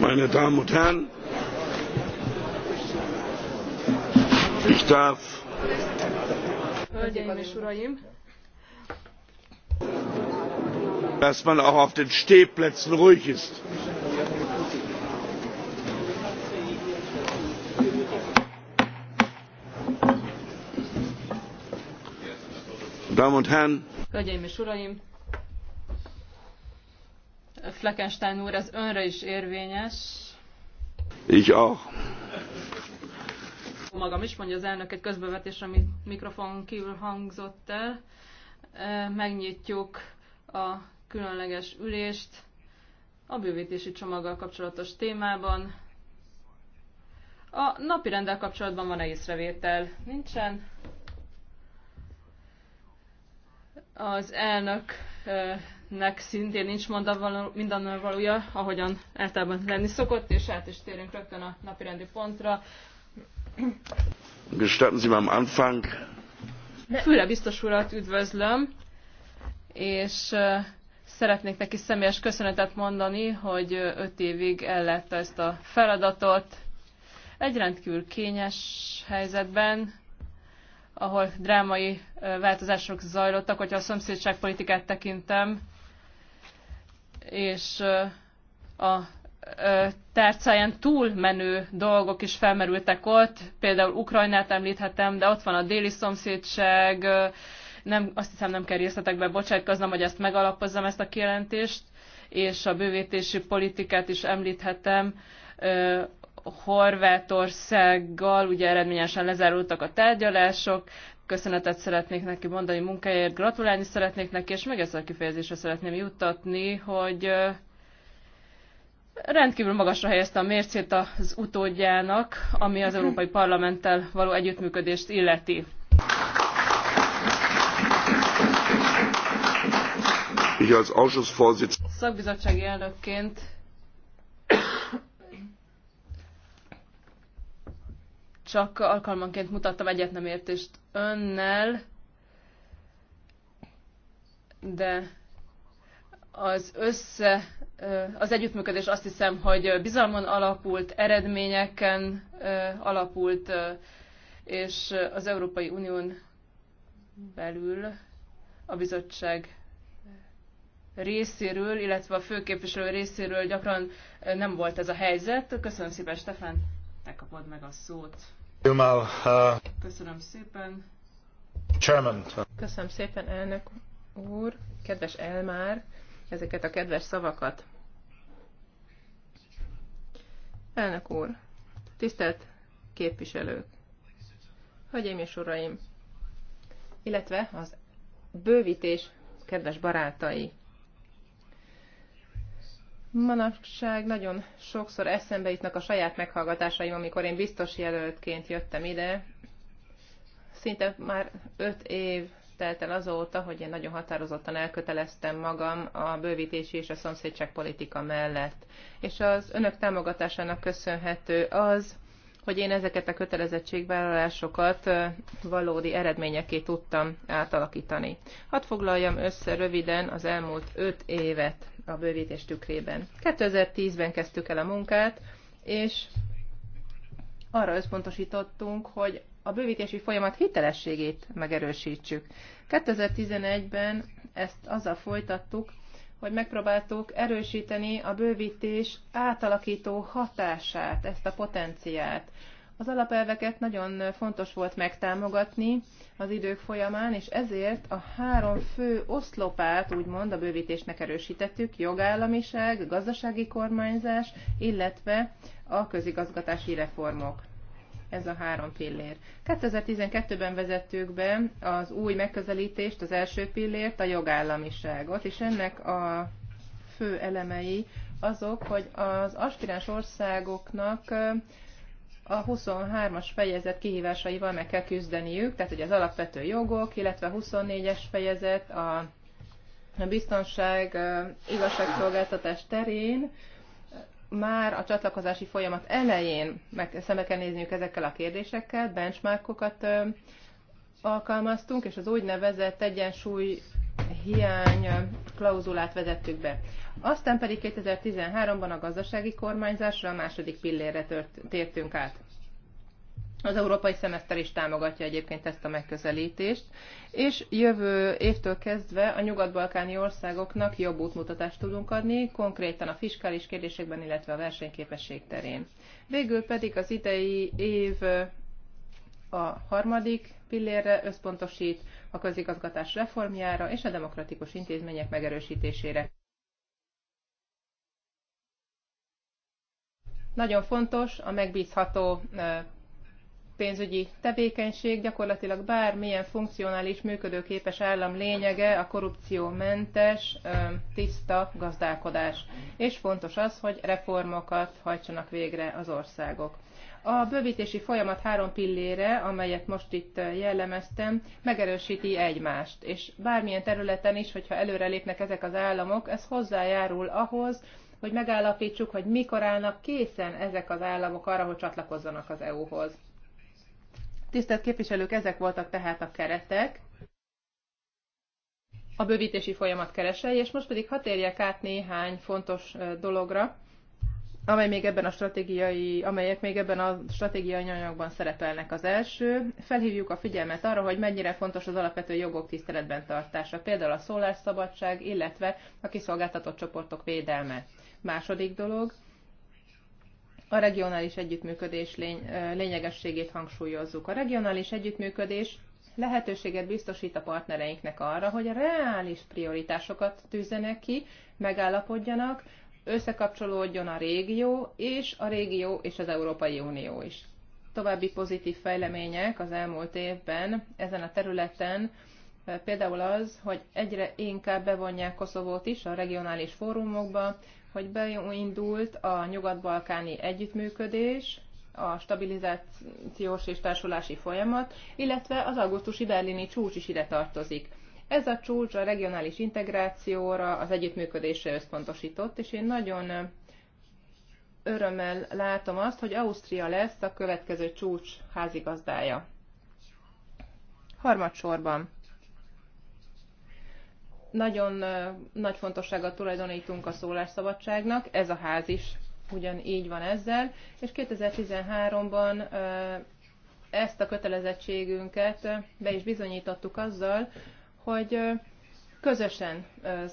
Meine Damen und Herren, ich darf dass man auch auf den Stehplätzen ruhig ist. Hölgyeim és Uraim! Fleckenstein úr, ez önre is érvényes. Így a. Magam is mondja az elnök egy közbevetés, ami mikrofon kívül hangzott el. Megnyitjuk a különleges ülést a bővítési csomaggal kapcsolatos témában. A napi rendel kapcsolatban van-e észrevétel? Nincsen. Az elnöknek szintén nincs mindannal valója, ahogyan általában lenni szokott, és át is térünk rögtön a napirendi pontra. Gestatten Sie mal am Anfang. Füle biztos urat üdvözlöm, és szeretnék neki személyes köszönetet mondani, hogy öt évig ellette ezt a feladatot. Egy rendkívül kényes helyzetben, ahol drámai változások zajlottak, hogyha a szomszédságpolitikát tekintem, és a tárcáján túlmenő dolgok is felmerültek ott, például Ukrajnát említhetem, de ott van a déli szomszédság, nem, azt hiszem nem kell részletekbe bocsátkoznom, hogy ezt megalapozzam, ezt a kijelentést, és a bővítési politikát is említhetem, Horvátországgal ugye eredményesen lezárultak a tárgyalások, köszönetet szeretnék neki mondani munkáért, gratulálni szeretnék neki, és meg ezzel a kifejezésre szeretném juttatni, hogy rendkívül magasra helyezte a mércét az utódjának, ami az Európai Parlamenttel való együttműködést illeti. Szakbizottsági elnökként csak alkalmanként mutattam egyet nem értést önnel, de az össze, az együttműködés azt hiszem, hogy bizalmon alapult, eredményeken alapult, és az Európai Unión belül a bizottság részéről, illetve a főképviselő részéről gyakran nem volt ez a helyzet. Köszönöm szépen, Stefan, te kapod meg a szót. Köszönöm szépen. Chairman. Köszönöm szépen, elnök úr, kedves Elmár, ezeket a kedves szavakat. Elnök úr, tisztelt képviselők, hölgyeim és uraim, illetve az bővítés kedves barátai. Manapság nagyon sokszor eszembe jutnak a saját meghallgatásaim, amikor én biztos jelöltként jöttem ide. Szinte már öt év telt el azóta, hogy én nagyon határozottan elköteleztem magam a bővítési és a szomszédság politika mellett. És az önök támogatásának köszönhető az, hogy én ezeket a kötelezettségvállalásokat valódi eredményeké tudtam átalakítani. Hadd foglaljam össze röviden az elmúlt öt évet a bővítés tükrében. 2010-ben kezdtük el a munkát, és arra összpontosítottunk, hogy a bővítési folyamat hitelességét megerősítsük. 2011-ben ezt azzal folytattuk, hogy megpróbáltuk erősíteni a bővítés átalakító hatását, ezt a potenciát az alapelveket nagyon fontos volt megtámogatni az idők folyamán, és ezért a három fő oszlopát, úgymond a bővítésnek erősítettük, jogállamiság, gazdasági kormányzás, illetve a közigazgatási reformok. Ez a három pillér. 2012-ben vezettük be az új megközelítést, az első pillért, a jogállamiságot, és ennek a fő elemei azok, hogy az aspiráns országoknak a 23-as fejezet kihívásaival meg kell küzdeniük, tehát hogy az alapvető jogok, illetve a 24-es fejezet a biztonság, igazságszolgáltatás terén már a csatlakozási folyamat elején meg, szembe kell nézniük ezekkel a kérdésekkel, benchmarkokat alkalmaztunk, és az úgynevezett egyensúly hiány klauzulát vezettük be. Aztán pedig 2013-ban a gazdasági kormányzásra a második pillérre tört, tértünk át. Az európai szemeszter is támogatja egyébként ezt a megközelítést, és jövő évtől kezdve a nyugat-balkáni országoknak jobb útmutatást tudunk adni, konkrétan a fiskális kérdésekben, illetve a versenyképesség terén. Végül pedig az idei év a harmadik pillérre összpontosít, a közigazgatás reformjára és a demokratikus intézmények megerősítésére. Nagyon fontos a megbízható pénzügyi tevékenység, gyakorlatilag bármilyen funkcionális, működőképes állam lényege a korrupciómentes, tiszta gazdálkodás. És fontos az, hogy reformokat hajtsanak végre az országok. A bővítési folyamat három pillére, amelyet most itt jellemeztem, megerősíti egymást, és bármilyen területen is, hogyha előrelépnek ezek az államok, ez hozzájárul ahhoz, hogy megállapítsuk, hogy mikor állnak készen ezek az államok arra, hogy csatlakozzanak az EU-hoz. Tisztelt képviselők, ezek voltak tehát a keretek, a bővítési folyamat keresei, és most pedig hat érjek át néhány fontos dologra, amely még ebben a stratégiai, amelyek még ebben a stratégiai anyagban szerepelnek. Az első, felhívjuk a figyelmet arra, hogy mennyire fontos az alapvető jogok tiszteletben tartása, például a szólásszabadság, illetve a kiszolgáltatott csoportok védelme. Második dolog, a regionális együttműködés lény, lényegességét hangsúlyozzuk. A regionális együttműködés lehetőséget biztosít a partnereinknek arra, hogy a reális prioritásokat tűzenek ki, megállapodjanak, összekapcsolódjon a régió és a régió és az Európai Unió is. További pozitív fejlemények az elmúlt évben ezen a területen például az, hogy egyre inkább bevonják Koszovót is a regionális fórumokba, hogy beindult a nyugat-balkáni együttműködés, a stabilizációs és társulási folyamat, illetve az augusztusi berlini csúcs is ide tartozik. Ez a csúcs a regionális integrációra, az együttműködésre összpontosított, és én nagyon örömmel látom azt, hogy Ausztria lesz a következő csúcs házigazdája. Harmadsorban nagyon nagy fontosságot tulajdonítunk a szólásszabadságnak, ez a ház is ugyan így van ezzel, és 2013-ban ezt a kötelezettségünket be is bizonyítottuk azzal, hogy közösen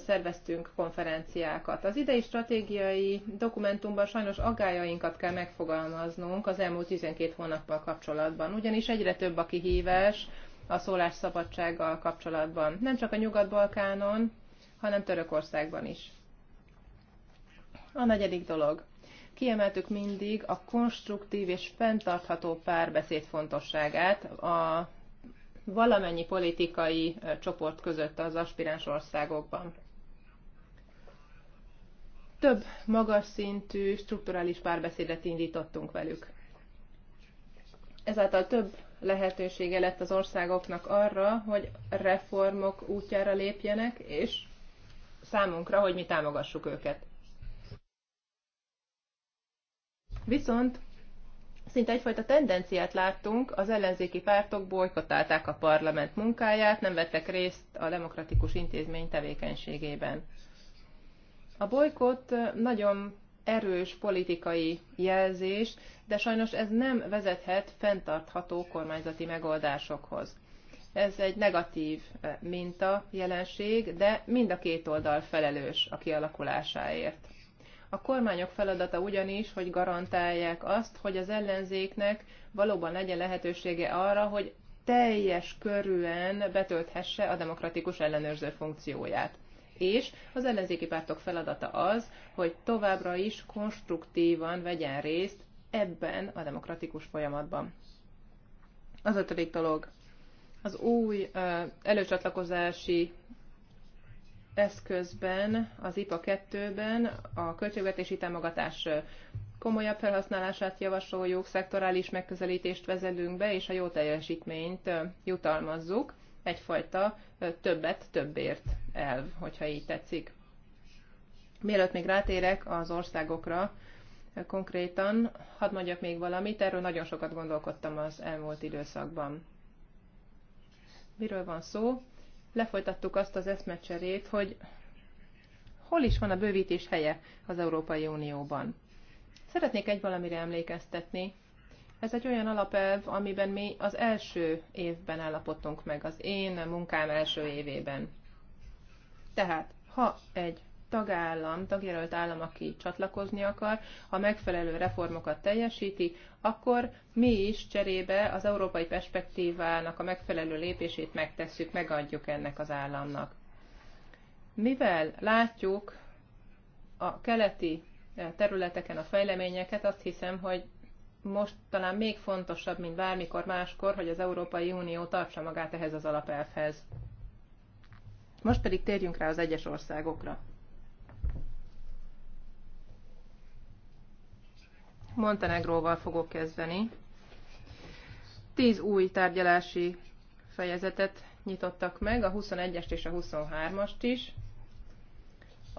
szerveztünk konferenciákat. Az idei stratégiai dokumentumban sajnos aggájainkat kell megfogalmaznunk az elmúlt 12 hónappal kapcsolatban, ugyanis egyre több a kihívás, a szólásszabadsággal kapcsolatban. Nem csak a Nyugat-Balkánon, hanem Törökországban is. A negyedik dolog. Kiemeltük mindig a konstruktív és fenntartható párbeszéd fontosságát a valamennyi politikai csoport között az aspiráns országokban. Több magas szintű strukturális párbeszédet indítottunk velük. Ezáltal több lehetősége lett az országoknak arra, hogy reformok útjára lépjenek, és számunkra, hogy mi támogassuk őket. Viszont szinte egyfajta tendenciát láttunk, az ellenzéki pártok bolykotálták a parlament munkáját, nem vettek részt a demokratikus intézmény tevékenységében. A bolykot nagyon erős politikai jelzés, de sajnos ez nem vezethet fenntartható kormányzati megoldásokhoz. Ez egy negatív eh, minta jelenség, de mind a két oldal felelős a kialakulásáért. A kormányok feladata ugyanis, hogy garantálják azt, hogy az ellenzéknek valóban legyen lehetősége arra, hogy teljes körűen betölthesse a demokratikus ellenőrző funkcióját és az ellenzéki pártok feladata az, hogy továbbra is konstruktívan vegyen részt ebben a demokratikus folyamatban. Az ötödik dolog, az új előcsatlakozási eszközben, az IPA 2-ben a költségvetési támogatás komolyabb felhasználását javasoljuk, szektorális megközelítést vezetünk be, és a jó teljesítményt jutalmazzuk egyfajta többet többért elv, hogyha így tetszik. Mielőtt még rátérek az országokra, konkrétan, hadd mondjak még valamit, erről nagyon sokat gondolkodtam az elmúlt időszakban. Miről van szó? Lefolytattuk azt az eszmecserét, hogy hol is van a bővítés helye az Európai Unióban. Szeretnék egy valamire emlékeztetni, ez egy olyan alapelv, amiben mi az első évben állapodtunk meg, az én munkám első évében. Tehát, ha egy tagállam, tagjelölt állam, aki csatlakozni akar, ha megfelelő reformokat teljesíti, akkor mi is cserébe az európai perspektívának a megfelelő lépését megtesszük, megadjuk ennek az államnak. Mivel látjuk a keleti területeken a fejleményeket, azt hiszem, hogy most talán még fontosabb, mint bármikor máskor, hogy az Európai Unió tartsa magát ehhez az alapelvhez. Most pedig térjünk rá az egyes országokra. Montenegróval fogok kezdeni. Tíz új tárgyalási fejezetet nyitottak meg, a 21-est és a 23-ast is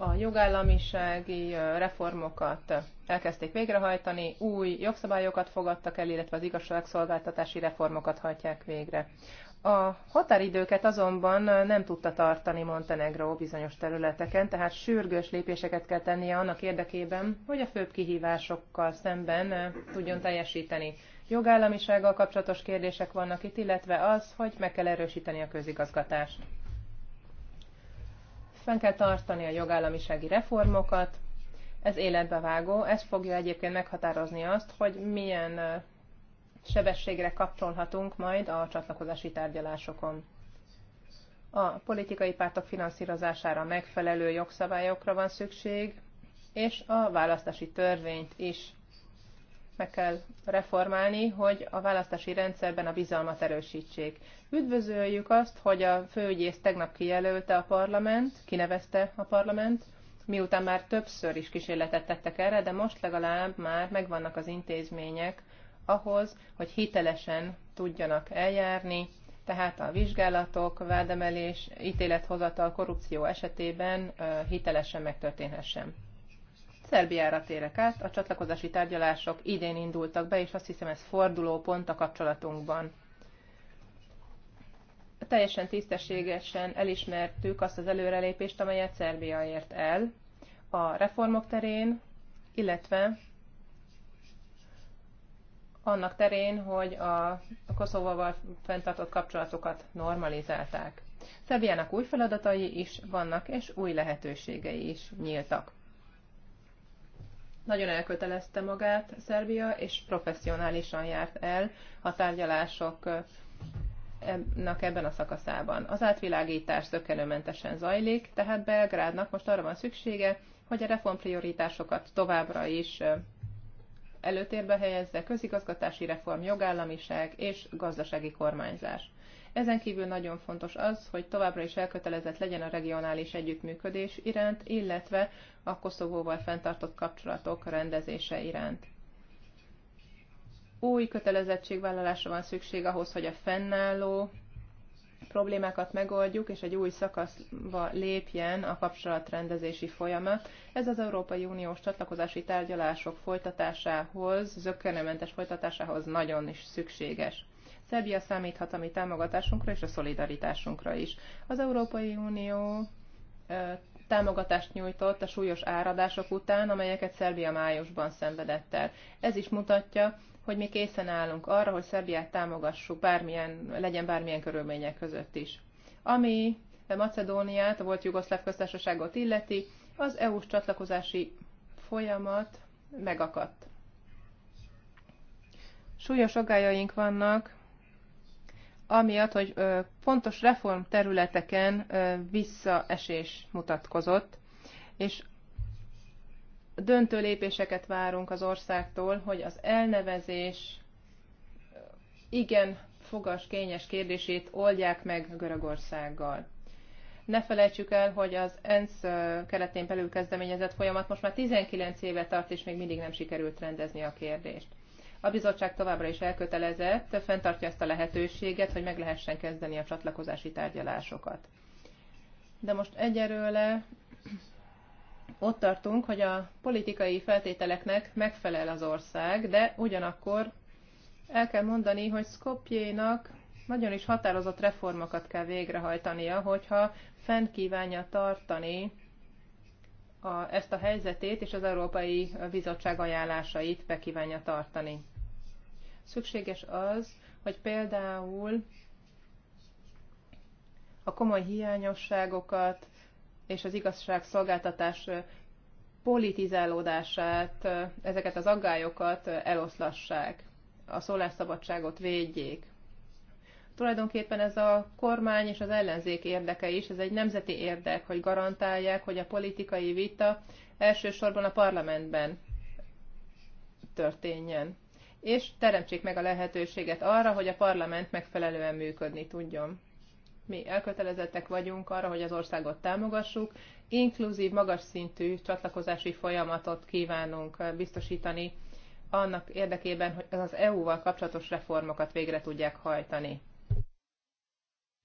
a jogállamisági reformokat elkezdték végrehajtani, új jogszabályokat fogadtak el, illetve az igazságszolgáltatási reformokat hajtják végre. A határidőket azonban nem tudta tartani Montenegro bizonyos területeken, tehát sürgős lépéseket kell tennie annak érdekében, hogy a főbb kihívásokkal szemben tudjon teljesíteni. Jogállamisággal kapcsolatos kérdések vannak itt, illetve az, hogy meg kell erősíteni a közigazgatást. Fenn kell tartani a jogállamisági reformokat, ez életbe vágó, ez fogja egyébként meghatározni azt, hogy milyen sebességre kapcsolhatunk majd a csatlakozási tárgyalásokon. A politikai pártok finanszírozására megfelelő jogszabályokra van szükség, és a választási törvényt is meg kell reformálni, hogy a választási rendszerben a bizalmat erősítsék. Üdvözöljük azt, hogy a főügyész tegnap kijelölte a parlament, kinevezte a parlament, miután már többször is kísérletet tettek erre, de most legalább már megvannak az intézmények ahhoz, hogy hitelesen tudjanak eljárni, tehát a vizsgálatok, vádemelés, ítélethozatal, korrupció esetében hitelesen megtörténhessen. Szerbiára térek át, a csatlakozási tárgyalások idén indultak be, és azt hiszem ez pont a kapcsolatunkban. Teljesen tisztességesen elismertük azt az előrelépést, amelyet Szerbia ért el a reformok terén, illetve annak terén, hogy a Koszovóval fenntartott kapcsolatokat normalizálták. Szerbiának új feladatai is vannak, és új lehetőségei is nyíltak. Nagyon elkötelezte magát Szerbia, és professzionálisan járt el a tárgyalások ebben a szakaszában. Az átvilágítás zökkenőmentesen zajlik, tehát Belgrádnak most arra van szüksége, hogy a reformprioritásokat továbbra is előtérbe helyezze közigazgatási reform, jogállamiság és gazdasági kormányzás. Ezen kívül nagyon fontos az, hogy továbbra is elkötelezett legyen a regionális együttműködés iránt, illetve a Koszovóval fenntartott kapcsolatok rendezése iránt. Új kötelezettségvállalásra van szükség ahhoz, hogy a fennálló problémákat megoldjuk, és egy új szakaszba lépjen a kapcsolatrendezési folyamat. Ez az Európai Uniós csatlakozási tárgyalások folytatásához, zöggenőmentes folytatásához nagyon is szükséges. Szerbia számíthat a mi támogatásunkra és a szolidaritásunkra is. Az Európai Unió támogatást nyújtott a súlyos áradások után, amelyeket Szerbia májusban szenvedett el. Ez is mutatja, hogy mi készen állunk arra, hogy Szerbiát támogassuk, bármilyen, legyen bármilyen körülmények között is. Ami Macedóniát, a volt Jugoszláv köztársaságot illeti, az EU-s csatlakozási folyamat megakadt. Súlyos agályaink vannak amiatt, hogy fontos reformterületeken visszaesés mutatkozott, és döntő lépéseket várunk az országtól, hogy az elnevezés igen fogas kényes kérdését oldják meg Görögországgal. Ne felejtsük el, hogy az ENSZ keretén belül kezdeményezett folyamat most már 19 éve tart, és még mindig nem sikerült rendezni a kérdést. A bizottság továbbra is elkötelezett, fenntartja ezt a lehetőséget, hogy meg lehessen kezdeni a csatlakozási tárgyalásokat. De most egyelőre ott tartunk, hogy a politikai feltételeknek megfelel az ország, de ugyanakkor el kell mondani, hogy Skopjénak nagyon is határozott reformokat kell végrehajtania, hogyha fenn kívánja tartani a, ezt a helyzetét és az Európai Bizottság ajánlásait be kívánja tartani. Szükséges az, hogy például a komoly hiányosságokat és az igazságszolgáltatás politizálódását, ezeket az aggályokat eloszlassák, a szólásszabadságot védjék tulajdonképpen ez a kormány és az ellenzék érdeke is, ez egy nemzeti érdek, hogy garantálják, hogy a politikai vita elsősorban a parlamentben történjen. És teremtsék meg a lehetőséget arra, hogy a parlament megfelelően működni tudjon. Mi elkötelezettek vagyunk arra, hogy az országot támogassuk, inkluzív, magas szintű csatlakozási folyamatot kívánunk biztosítani annak érdekében, hogy az EU-val kapcsolatos reformokat végre tudják hajtani.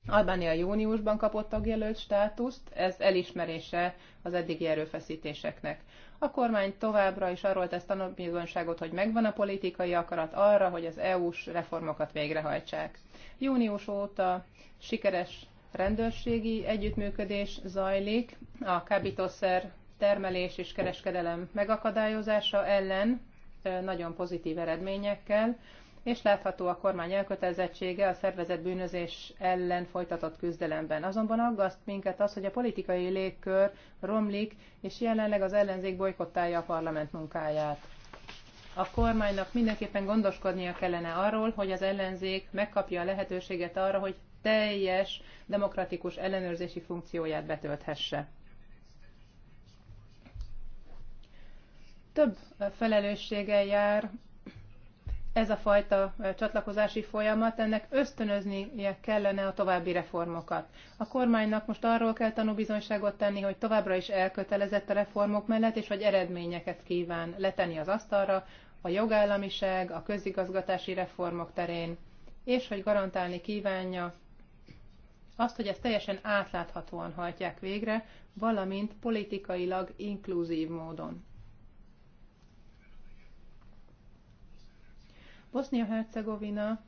Albánia júniusban kapott tagjelölt státuszt, ez elismerése az eddigi erőfeszítéseknek. A kormány továbbra is arról tesz tanulmányzonságot, hogy megvan a politikai akarat arra, hogy az EU-s reformokat végrehajtsák. Június óta sikeres rendőrségi együttműködés zajlik a kábítószer termelés és kereskedelem megakadályozása ellen nagyon pozitív eredményekkel és látható a kormány elkötelezettsége a szervezett bűnözés ellen folytatott küzdelemben. Azonban aggaszt minket az, hogy a politikai légkör romlik, és jelenleg az ellenzék bolykottálja a parlament munkáját. A kormánynak mindenképpen gondoskodnia kellene arról, hogy az ellenzék megkapja a lehetőséget arra, hogy teljes demokratikus ellenőrzési funkcióját betölthesse. Több felelőssége jár ez a fajta csatlakozási folyamat, ennek ösztönöznie kellene a további reformokat. A kormánynak most arról kell tanúbizonyságot tenni, hogy továbbra is elkötelezett a reformok mellett, és hogy eredményeket kíván letenni az asztalra a jogállamiság, a közigazgatási reformok terén, és hogy garantálni kívánja azt, hogy ezt teljesen átláthatóan hajtják végre, valamint politikailag inkluzív módon. bosnia hercegovina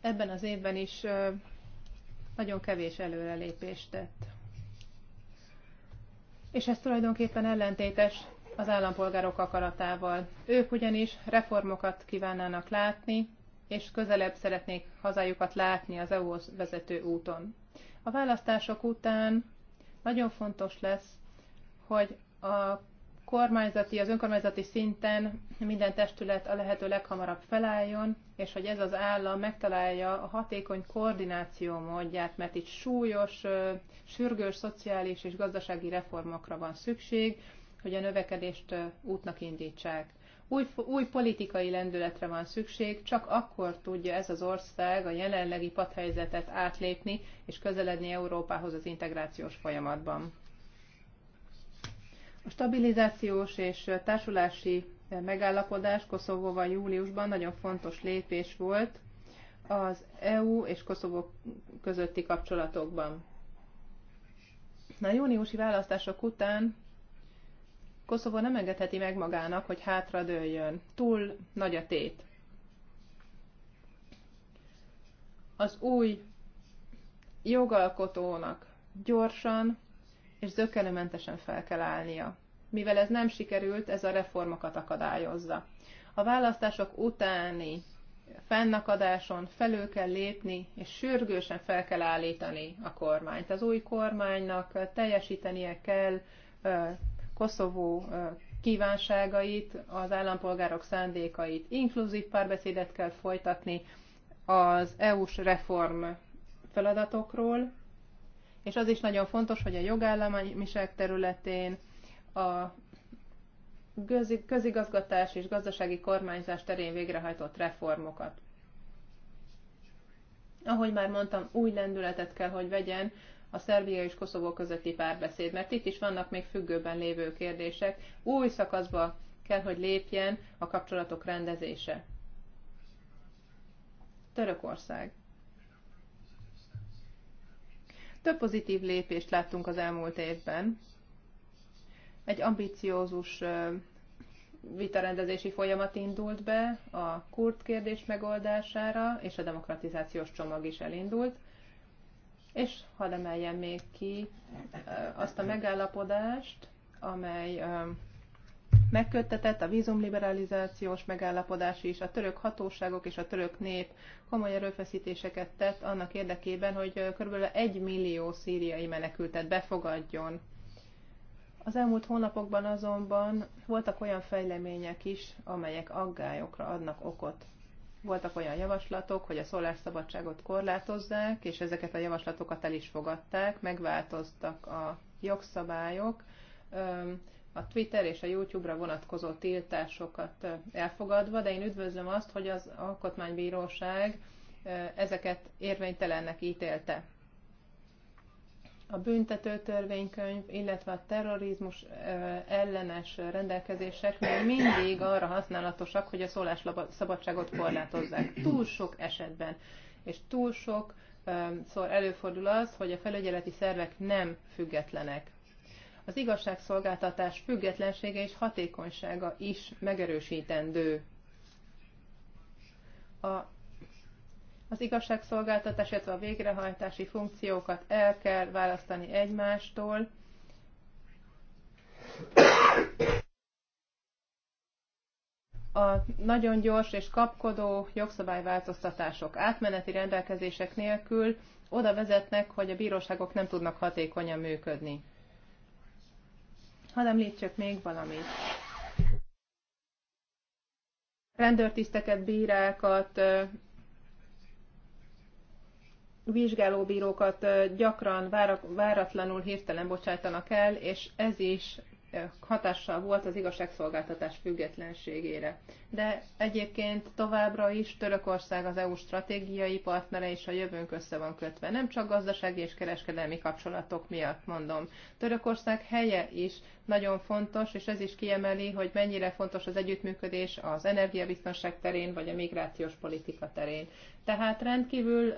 ebben az évben is nagyon kevés előrelépést tett. És ez tulajdonképpen ellentétes az állampolgárok akaratával. Ők ugyanis reformokat kívánnának látni, és közelebb szeretnék hazájukat látni az EU-hoz vezető úton. A választások után nagyon fontos lesz, hogy a kormányzati, az önkormányzati szinten minden testület a lehető leghamarabb felálljon, és hogy ez az állam megtalálja a hatékony koordináció módját, mert itt súlyos, sürgős szociális és gazdasági reformokra van szükség, hogy a növekedést útnak indítsák. Új, új politikai lendületre van szükség, csak akkor tudja ez az ország a jelenlegi padhelyzetet átlépni és közeledni Európához az integrációs folyamatban. A stabilizációs és társulási megállapodás Koszovóval júliusban nagyon fontos lépés volt az EU és Koszovó közötti kapcsolatokban. A júniusi választások után Koszovó nem engedheti meg magának, hogy hátradőljön. Túl nagy a tét. Az új jogalkotónak gyorsan, és zökkenőmentesen fel kell állnia. Mivel ez nem sikerült, ez a reformokat akadályozza. A választások utáni fennakadáson felül kell lépni, és sürgősen fel kell állítani a kormányt. Az új kormánynak teljesítenie kell Koszovó kívánságait, az állampolgárok szándékait, inkluzív párbeszédet kell folytatni az EU-s reform feladatokról, és az is nagyon fontos, hogy a jogállamiság területén a közigazgatás és gazdasági kormányzás terén végrehajtott reformokat. Ahogy már mondtam, új lendületet kell, hogy vegyen a Szerbia és Koszovó közötti párbeszéd, mert itt is vannak még függőben lévő kérdések. Új szakaszba kell, hogy lépjen a kapcsolatok rendezése. Törökország. Több pozitív lépést láttunk az elmúlt évben. Egy ambiciózus vitarendezési folyamat indult be a kurt kérdés megoldására, és a demokratizációs csomag is elindult. És hadd emeljem még ki azt a megállapodást, amely Megköttetett a vízumliberalizációs megállapodás is, a török hatóságok és a török nép komoly erőfeszítéseket tett annak érdekében, hogy kb. 1 millió szíriai menekültet befogadjon. Az elmúlt hónapokban azonban voltak olyan fejlemények is, amelyek aggályokra adnak okot. Voltak olyan javaslatok, hogy a szólásszabadságot korlátozzák, és ezeket a javaslatokat el is fogadták, megváltoztak a jogszabályok a Twitter és a YouTube-ra vonatkozó tiltásokat elfogadva, de én üdvözlöm azt, hogy az Alkotmánybíróság ezeket érvénytelennek ítélte. A büntető törvénykönyv, illetve a terrorizmus ellenes rendelkezések még mindig arra használatosak, hogy a szólásszabadságot korlátozzák. Túl sok esetben, és túl sok szor előfordul az, hogy a felügyeleti szervek nem függetlenek az igazságszolgáltatás függetlensége és hatékonysága is megerősítendő. A, az igazságszolgáltatás, illetve a végrehajtási funkciókat el kell választani egymástól, a nagyon gyors és kapkodó jogszabályváltoztatások átmeneti rendelkezések nélkül oda vezetnek, hogy a bíróságok nem tudnak hatékonyan működni. Hadd említsek még valamit. Rendőrtiszteket, bírákat, vizsgálóbírókat gyakran váratlanul hirtelen bocsájtanak el, és ez is hatással volt az igazságszolgáltatás függetlenségére. De egyébként továbbra is Törökország az EU stratégiai partnere és a jövőnk össze van kötve. Nem csak gazdasági és kereskedelmi kapcsolatok miatt mondom. Törökország helye is nagyon fontos, és ez is kiemeli, hogy mennyire fontos az együttműködés az energiabiztonság terén vagy a migrációs politika terén. Tehát rendkívül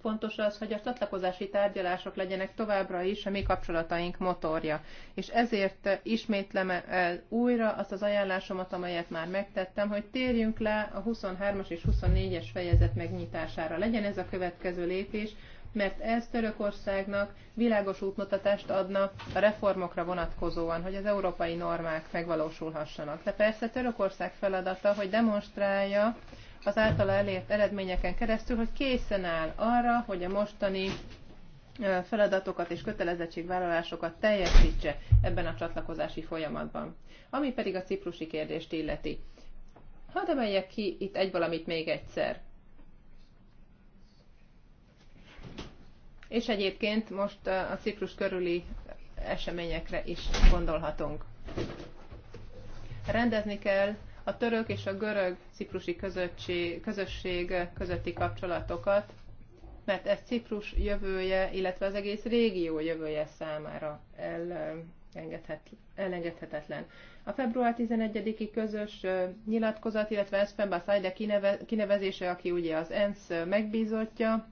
fontos az, hogy a csatlakozási tárgyalások legyenek továbbra is a mi kapcsolataink motorja. És ezért ismétlem el újra azt az ajánlásomat, amelyet már megtettem, hogy térjünk le a 23-as és 24-es fejezet megnyitására. Legyen ez a következő lépés, mert ez Törökországnak világos útmutatást adna a reformokra vonatkozóan, hogy az európai normák megvalósulhassanak. De persze Törökország feladata, hogy demonstrálja, az általa elért eredményeken keresztül, hogy készen áll arra, hogy a mostani feladatokat és kötelezettségvállalásokat teljesítse ebben a csatlakozási folyamatban. Ami pedig a ciprusi kérdést illeti. Hadd emeljek ki itt egy valamit még egyszer. És egyébként most a Ciprus körüli eseményekre is gondolhatunk. Rendezni kell a török és a görög ciprusi közösség, közösség közötti kapcsolatokat, mert ez Ciprus jövője, illetve az egész régió jövője számára elengedhetetlen. A február 11-i közös nyilatkozat, illetve Espen Baszájde kinevezése, aki ugye az ENSZ megbízottja,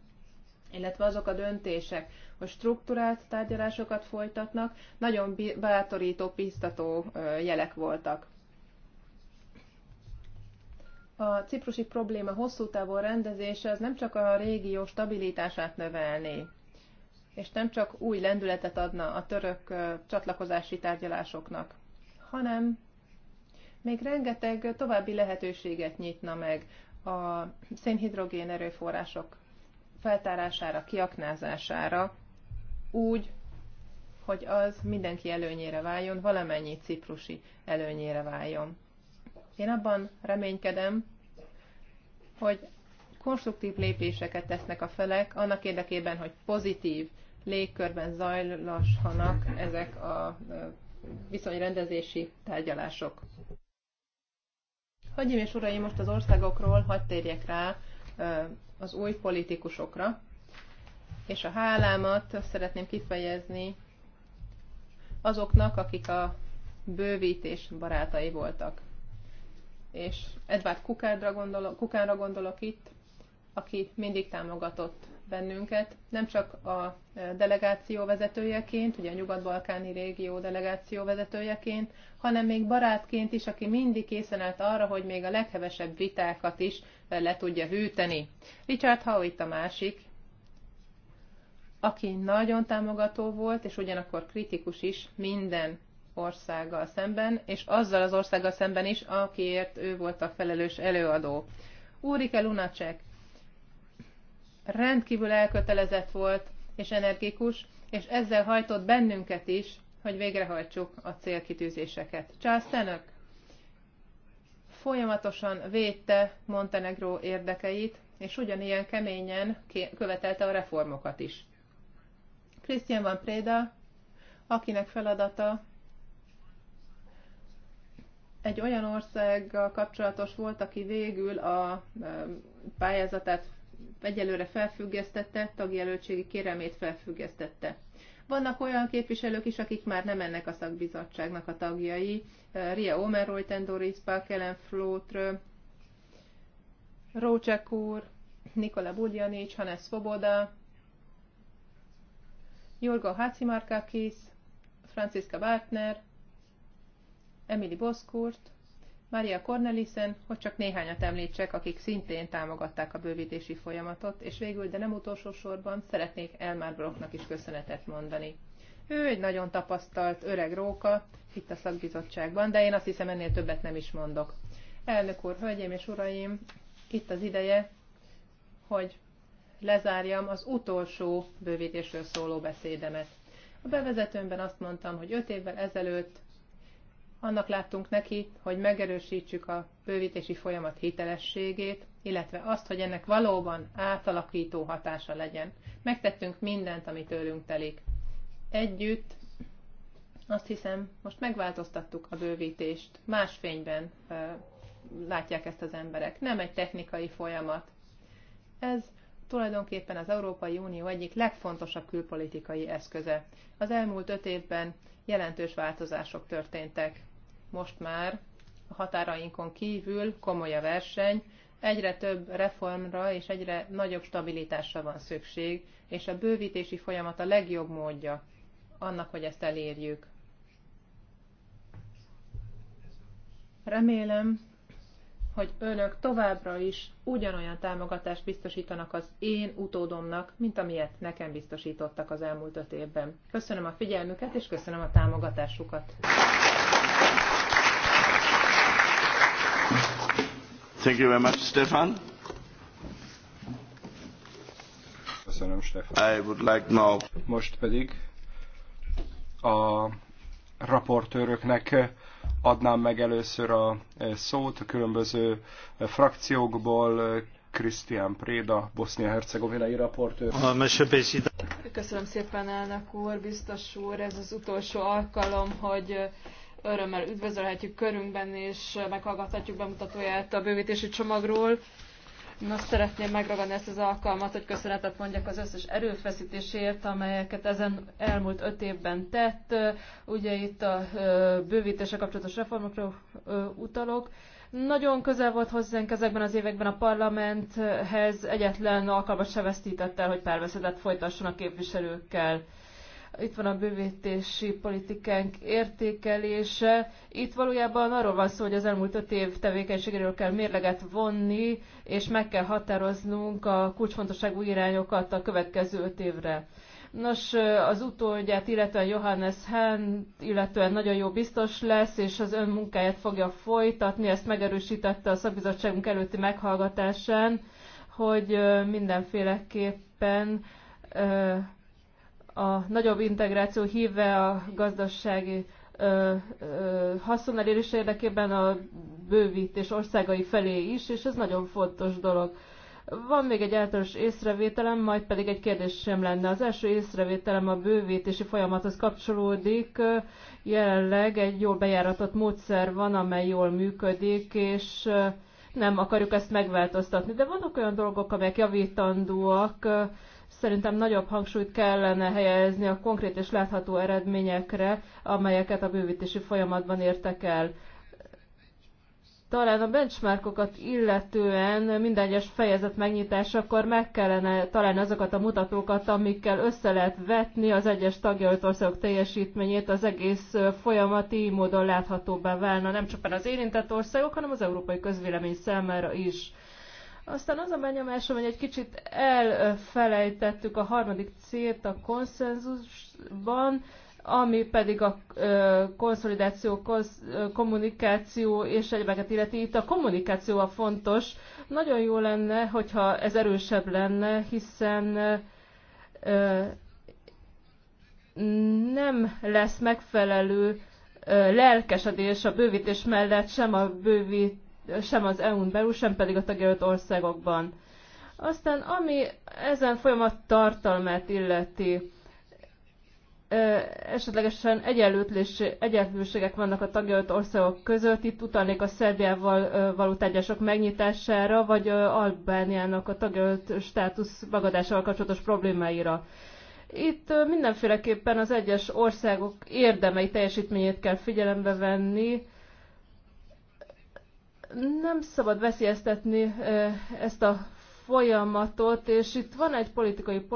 illetve azok a döntések, hogy struktúrált tárgyalásokat folytatnak, nagyon bátorító, biztató jelek voltak a ciprusi probléma hosszú távú rendezése az nem csak a régió stabilitását növelné, és nem csak új lendületet adna a török csatlakozási tárgyalásoknak, hanem még rengeteg további lehetőséget nyitna meg a szénhidrogén erőforrások feltárására, kiaknázására, úgy, hogy az mindenki előnyére váljon, valamennyi ciprusi előnyére váljon. Én abban reménykedem, hogy konstruktív lépéseket tesznek a felek annak érdekében, hogy pozitív légkörben zajlashanak ezek a viszonyrendezési tárgyalások. Hagyjim és uraim, most az országokról hadd térjek rá az új politikusokra, és a hálámat szeretném kifejezni azoknak, akik a bővítés barátai voltak és Edward Kukánra gondolok, Kukánra gondolok itt, aki mindig támogatott bennünket, nem csak a e, delegáció vezetőjeként, ugye a nyugat-balkáni régió delegáció vezetőjeként, hanem még barátként is, aki mindig készen állt arra, hogy még a leghevesebb vitákat is e, le tudja hűteni. Richard itt a másik, aki nagyon támogató volt, és ugyanakkor kritikus is minden országgal szemben, és azzal az országgal szemben is, akiért ő volt a felelős előadó. Úrike Lunacek rendkívül elkötelezett volt és energikus, és ezzel hajtott bennünket is, hogy végrehajtsuk a célkitűzéseket. Charles Tenök folyamatosan védte Montenegro érdekeit, és ugyanilyen keményen követelte a reformokat is. Christian van Preda, akinek feladata egy olyan országgal kapcsolatos volt, aki végül a pályázatát egyelőre felfüggesztette, tagjelöltségi kérelmét felfüggesztette. Vannak olyan képviselők is, akik már nem ennek a szakbizottságnak a tagjai. Ria Omeroy, Tendoris, Pakelen, Flótr, Rócsek úr, Nikola Budjanics, Hannes Svoboda, Jurgo Hacimarkakis, Franciska Bartner, Emily Boszkurt, Maria Cornelissen, hogy csak néhányat említsek, akik szintén támogatták a bővítési folyamatot, és végül, de nem utolsó sorban szeretnék Elmar Brocknak is köszönetet mondani. Ő egy nagyon tapasztalt öreg róka itt a szakbizottságban, de én azt hiszem ennél többet nem is mondok. Elnök úr, hölgyeim és uraim, itt az ideje, hogy lezárjam az utolsó bővítésről szóló beszédemet. A bevezetőmben azt mondtam, hogy öt évvel ezelőtt annak láttunk neki, hogy megerősítsük a bővítési folyamat hitelességét, illetve azt, hogy ennek valóban átalakító hatása legyen. Megtettünk mindent, ami tőlünk telik. Együtt azt hiszem, most megváltoztattuk a bővítést. Más fényben e, látják ezt az emberek. Nem egy technikai folyamat. Ez tulajdonképpen az Európai Unió egyik legfontosabb külpolitikai eszköze. Az elmúlt öt évben jelentős változások történtek most már a határainkon kívül komoly a verseny, egyre több reformra és egyre nagyobb stabilitásra van szükség, és a bővítési folyamat a legjobb módja annak, hogy ezt elérjük. Remélem, hogy önök továbbra is ugyanolyan támogatást biztosítanak az én utódomnak, mint amilyet nekem biztosítottak az elmúlt öt évben. Köszönöm a figyelmüket, és köszönöm a támogatásukat. Thank you very much, Stefan. Köszönöm, Stefan. I would like now... Most pedig a raportőröknek adnám meg először a szót a különböző frakciókból. Krisztián Préda, Bosznia-Hercegovinai raportőr. Köszönöm szépen, elnök úr, biztos úr, ez az utolsó alkalom, hogy örömmel üdvözölhetjük körünkben, és meghallgathatjuk bemutatóját a bővítési csomagról. Nos, szeretném megragadni ezt az alkalmat, hogy köszönetet mondjak az összes erőfeszítésért, amelyeket ezen elmúlt öt évben tett. Ugye itt a bővítése kapcsolatos reformokra utalok. Nagyon közel volt hozzánk ezekben az években a parlamenthez, egyetlen alkalmat se vesztített el, hogy párbeszédet folytasson a képviselőkkel itt van a bővítési politikánk értékelése. Itt valójában arról van szó, hogy az elmúlt öt év tevékenységéről kell mérleget vonni, és meg kell határoznunk a kulcsfontosságú irányokat a következő öt évre. Nos, az utódját, illetően Johannes Hahn, illetően nagyon jó biztos lesz, és az ön munkáját fogja folytatni, ezt megerősítette a szakbizottságunk előtti meghallgatásán, hogy mindenféleképpen a nagyobb integráció híve a gazdasági haszonelérés érdekében a bővítés országai felé is, és ez nagyon fontos dolog. Van még egy általános észrevételem, majd pedig egy kérdés sem lenne. Az első észrevételem a bővítési folyamathoz kapcsolódik. Jelenleg egy jól bejáratott módszer van, amely jól működik, és nem akarjuk ezt megváltoztatni. De vannak olyan dolgok, amelyek javítandóak, Szerintem nagyobb hangsúlyt kellene helyezni a konkrét és látható eredményekre, amelyeket a bővítési folyamatban értek el. Talán a benchmarkokat illetően minden egyes fejezet megnyitásakor meg kellene találni azokat a mutatókat, amikkel össze lehet vetni az egyes tagjelölt országok teljesítményét, az egész folyamat így módon láthatóbbá válna nem csak az érintett országok, hanem az európai közvélemény számára is aztán az a benyomásom, hogy egy kicsit elfelejtettük a harmadik célt a konszenzusban, ami pedig a ö, konszolidáció, konsz, ö, kommunikáció és egyebeket illeti. Itt a kommunikáció a fontos. Nagyon jó lenne, hogyha ez erősebb lenne, hiszen ö, nem lesz megfelelő lelkesedés a bővítés mellett, sem a bővít sem az EU-n belül, sem pedig a tagjelölt országokban. Aztán ami ezen folyamat tartalmát illeti, esetlegesen egyenlőségek vannak a tagjelölt országok között. Itt utalnék a Szerbiával való tárgyások megnyitására, vagy Albániának a tagjelölt státusz magadásával kapcsolatos problémáira. Itt mindenféleképpen az egyes országok érdemei teljesítményét kell figyelembe venni, nem szabad veszélyeztetni ezt a folyamatot, és itt van egy politikai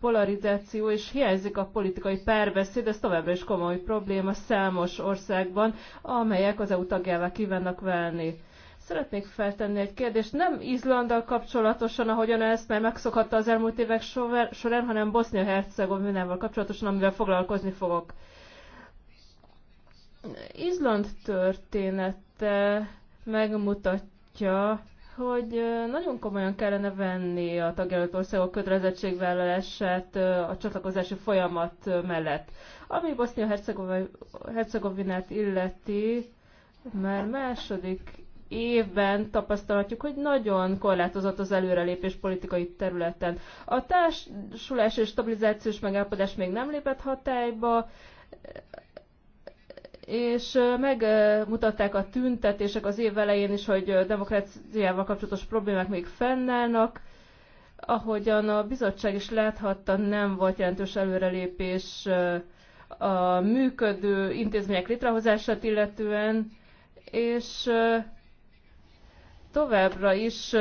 polarizáció, és hiányzik a politikai párbeszéd, ez továbbra is komoly probléma számos országban, amelyek az EU tagjává kívánnak válni. Szeretnék feltenni egy kérdést, nem Izlanddal kapcsolatosan, ahogyan ezt már megszokhatta az elmúlt évek során, hanem Bosznia-Hercegovinával kapcsolatosan, amivel foglalkozni fogok. Izland története megmutatja, hogy nagyon komolyan kellene venni a tagjelölt országok kötelezettségvállalását a csatlakozási folyamat mellett. Ami Bosznia-Hercegovinát illeti, már második évben tapasztalhatjuk, hogy nagyon korlátozott az előrelépés politikai területen. A társulás és stabilizációs megállapodás még nem lépett hatályba, és megmutatták a tüntetések az év elején is, hogy demokráciával kapcsolatos problémák még fennállnak. Ahogyan a bizottság is láthatta, nem volt jelentős előrelépés a működő intézmények létrehozását illetően, és továbbra is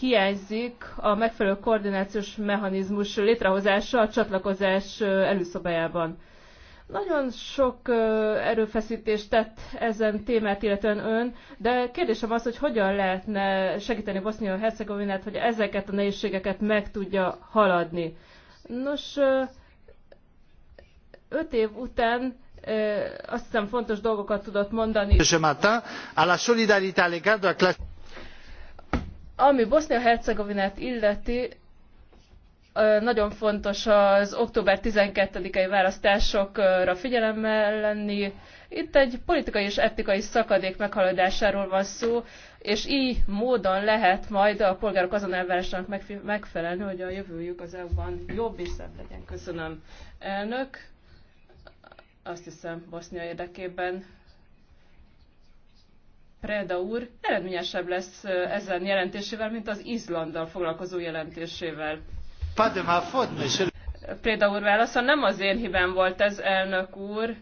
hiányzik a megfelelő koordinációs mechanizmus létrehozása a csatlakozás előszobájában. Nagyon sok erőfeszítést tett ezen témát, illetően ön, de kérdésem az, hogy hogyan lehetne segíteni Bosznia-Hercegovinát, hogy ezeket a nehézségeket meg tudja haladni. Nos, öt év után azt hiszem fontos dolgokat tudott mondani. Ami Bosznia-Hercegovinát illeti, nagyon fontos az október 12-i választásokra figyelemmel lenni. Itt egy politikai és etikai szakadék meghaladásáról van szó, és így módon lehet majd a polgárok azon elvárásának megfelelni, hogy a jövőjük az EU-ban jobb és szebb legyen. Köszönöm, elnök. Azt hiszem, Bosznia érdekében Preda úr eredményesebb lesz ezen jelentésével, mint az Izlanddal foglalkozó jelentésével. Préda úr válasza, nem az én hibám volt ez, elnök úr.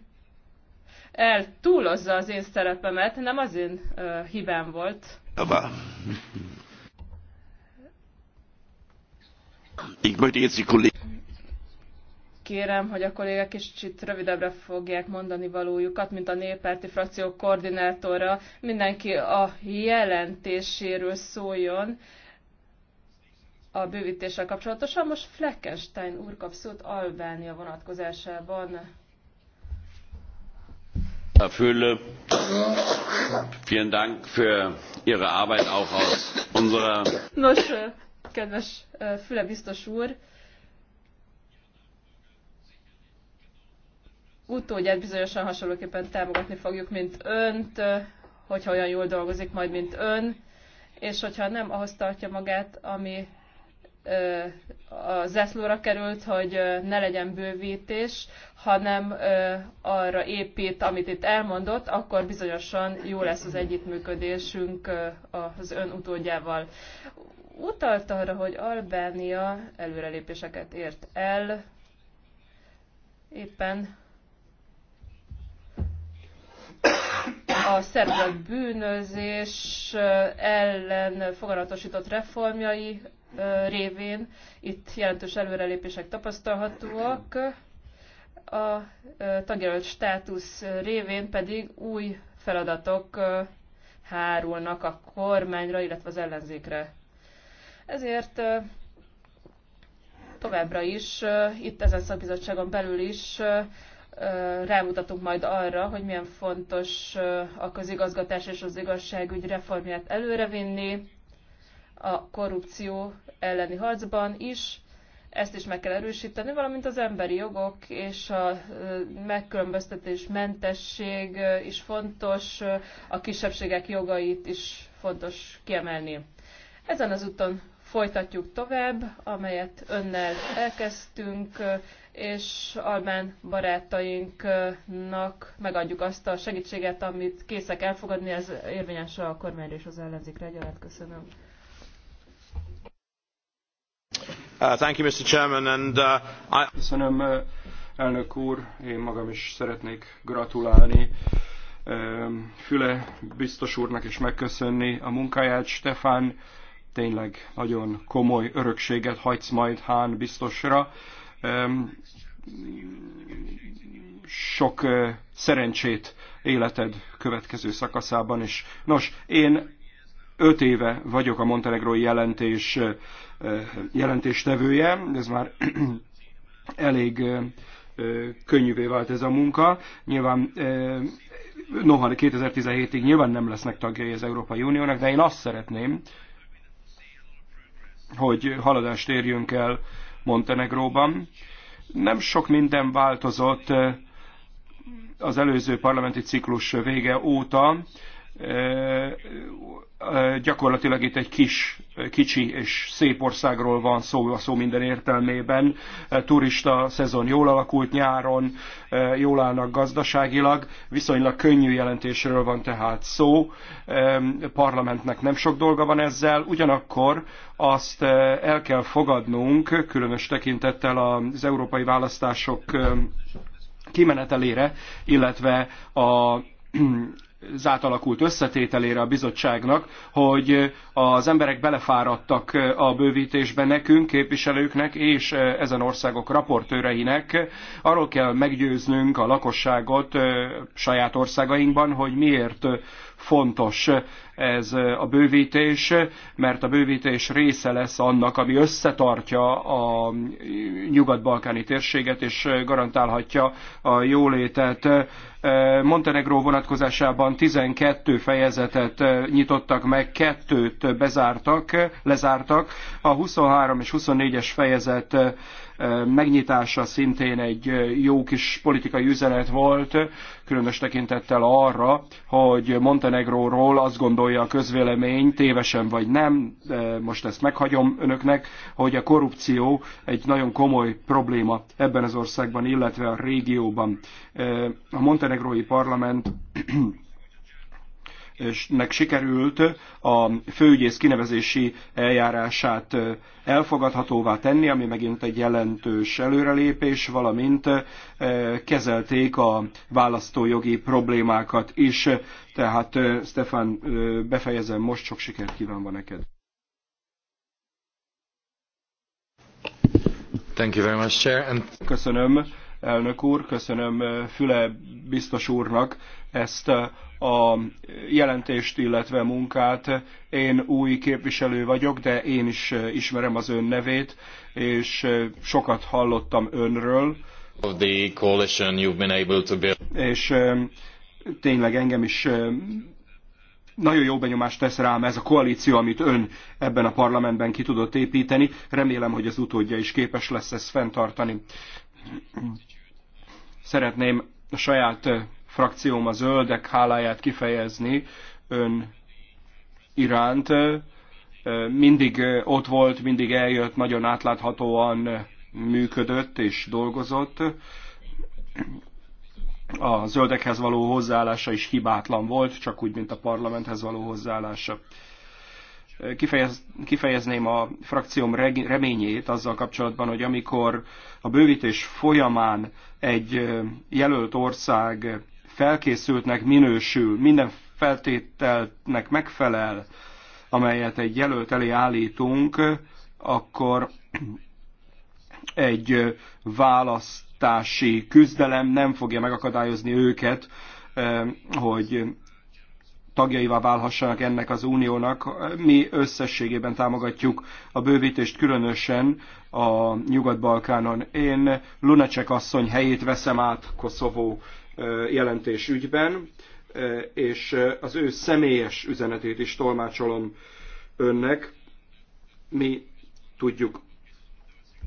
El túlozza az én szerepemet, nem az én uh, hibám volt. kérem, hogy a kollégák is kicsit rövidebbre fogják mondani valójukat, mint a néppárti frakció koordinátora. Mindenki a jelentéséről szóljon, a bővítéssel kapcsolatosan. Most Fleckenstein úr kap szót Albánia vonatkozásában. Herr Föhle, vielen Dank für Ihre Arbeit auch aus unserer... Nos, kedves Füle biztos úr, utódját bizonyosan hasonlóképpen támogatni fogjuk, mint önt, hogyha olyan jól dolgozik majd, mint ön, és hogyha nem ahhoz tartja magát, ami a zászlóra került, hogy ne legyen bővítés, hanem arra épít, amit itt elmondott, akkor bizonyosan jó lesz az együttműködésünk az ön utódjával. Utalta arra, hogy Albánia előrelépéseket ért el, éppen a szerb bűnözés ellen foganatosított reformjai révén itt jelentős előrelépések tapasztalhatóak. A tagjelölt státusz révén pedig új feladatok hárulnak a kormányra, illetve az ellenzékre. Ezért továbbra is, itt ezen szakbizottságon belül is rámutatunk majd arra, hogy milyen fontos a közigazgatás és az igazságügy reformját előrevinni, a korrupció elleni harcban is, ezt is meg kell erősíteni, valamint az emberi jogok és a megkülönböztetés mentesség is fontos, a kisebbségek jogait is fontos kiemelni. Ezen az úton folytatjuk tovább, amelyet önnel elkezdtünk, és Albán barátainknak megadjuk azt a segítséget, amit készek elfogadni, ez érvényes a kormányra és az ellenzékre egyaránt. Köszönöm. Uh, uh, Köszönöm, uh, elnök úr, én magam is szeretnék gratulálni um, Füle biztos úrnak és megköszönni a munkáját. Stefán, tényleg nagyon komoly örökséget hagysz majd Hán biztosra. Um, sok szerencsét életed következő szakaszában is. Nos, én öt éve vagyok a Montenegrói jelentés jelentéstevője, ez már elég könnyűvé vált ez a munka. Nyilván noha 2017-ig nyilván nem lesznek tagjai az Európai Uniónak, de én azt szeretném, hogy haladást érjünk el Montenegróban. Nem sok minden változott az előző parlamenti ciklus vége óta gyakorlatilag itt egy kis, kicsi és szép országról van szó, a szó minden értelmében. Turista szezon jól alakult nyáron, jól állnak gazdaságilag, viszonylag könnyű jelentésről van tehát szó. Parlamentnek nem sok dolga van ezzel, ugyanakkor azt el kell fogadnunk, különös tekintettel az európai választások kimenetelére, illetve a az átalakult összetételére a bizottságnak, hogy az emberek belefáradtak a bővítésbe nekünk, képviselőknek és ezen országok raportőreinek. Arról kell meggyőznünk a lakosságot saját országainkban, hogy miért fontos ez a bővítés, mert a bővítés része lesz annak, ami összetartja a nyugat-balkáni térséget, és garantálhatja a jólétet. Montenegró vonatkozásában 12 fejezetet nyitottak meg, kettőt bezártak, lezártak. A 23 és 24-es fejezet megnyitása szintén egy jó kis politikai üzenet volt, különös tekintettel arra, hogy Montenegróról azt gondolja a közvélemény, tévesen vagy nem, most ezt meghagyom önöknek, hogy a korrupció egy nagyon komoly probléma ebben az országban, illetve a régióban. A montenegrói parlament nek sikerült a főügyész kinevezési eljárását elfogadhatóvá tenni, ami megint egy jelentős előrelépés, valamint kezelték a választójogi problémákat is. Tehát Stefan, befejezem most, sok sikert kívánva neked. Thank you very much, Chair. And... Köszönöm elnök úr, köszönöm Füle biztos úrnak ezt a jelentést, illetve munkát. Én új képviselő vagyok, de én is ismerem az ön nevét, és sokat hallottam önről. Of the coalition you've been able to build. És tényleg engem is nagyon jó benyomást tesz rám ez a koalíció, amit ön ebben a parlamentben ki tudott építeni. Remélem, hogy az utódja is képes lesz ezt fenntartani. Szeretném a saját frakcióm a zöldek háláját kifejezni ön iránt. Mindig ott volt, mindig eljött, nagyon átláthatóan működött és dolgozott. A zöldekhez való hozzáállása is hibátlan volt, csak úgy, mint a parlamenthez való hozzáállása kifejez, kifejezném a frakcióm reményét azzal kapcsolatban, hogy amikor a bővítés folyamán egy jelölt ország felkészültnek minősül, minden feltételnek megfelel, amelyet egy jelölt elé állítunk, akkor egy választási küzdelem nem fogja megakadályozni őket, eh, hogy tagjaivá válhassanak ennek az uniónak. Mi összességében támogatjuk a bővítést, különösen a Nyugat-Balkánon. Én Lunacek asszony helyét veszem át Koszovó jelentés ügyben, és az ő személyes üzenetét is tolmácsolom önnek. Mi tudjuk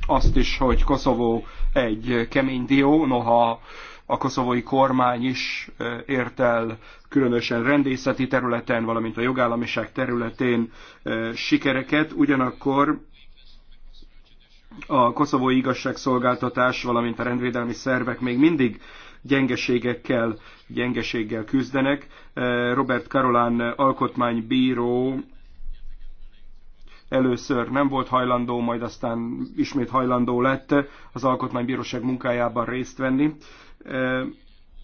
azt is, hogy Koszovó egy kemény dió, noha a koszovói kormány is ért el különösen rendészeti területen, valamint a jogállamiság területén sikereket, ugyanakkor a koszovói igazságszolgáltatás, valamint a rendvédelmi szervek még mindig gyengeségekkel, gyengeséggel küzdenek. Eh, Robert Karolán alkotmánybíró először nem volt hajlandó, majd aztán ismét hajlandó lett az alkotmánybíróság munkájában részt venni. Eh,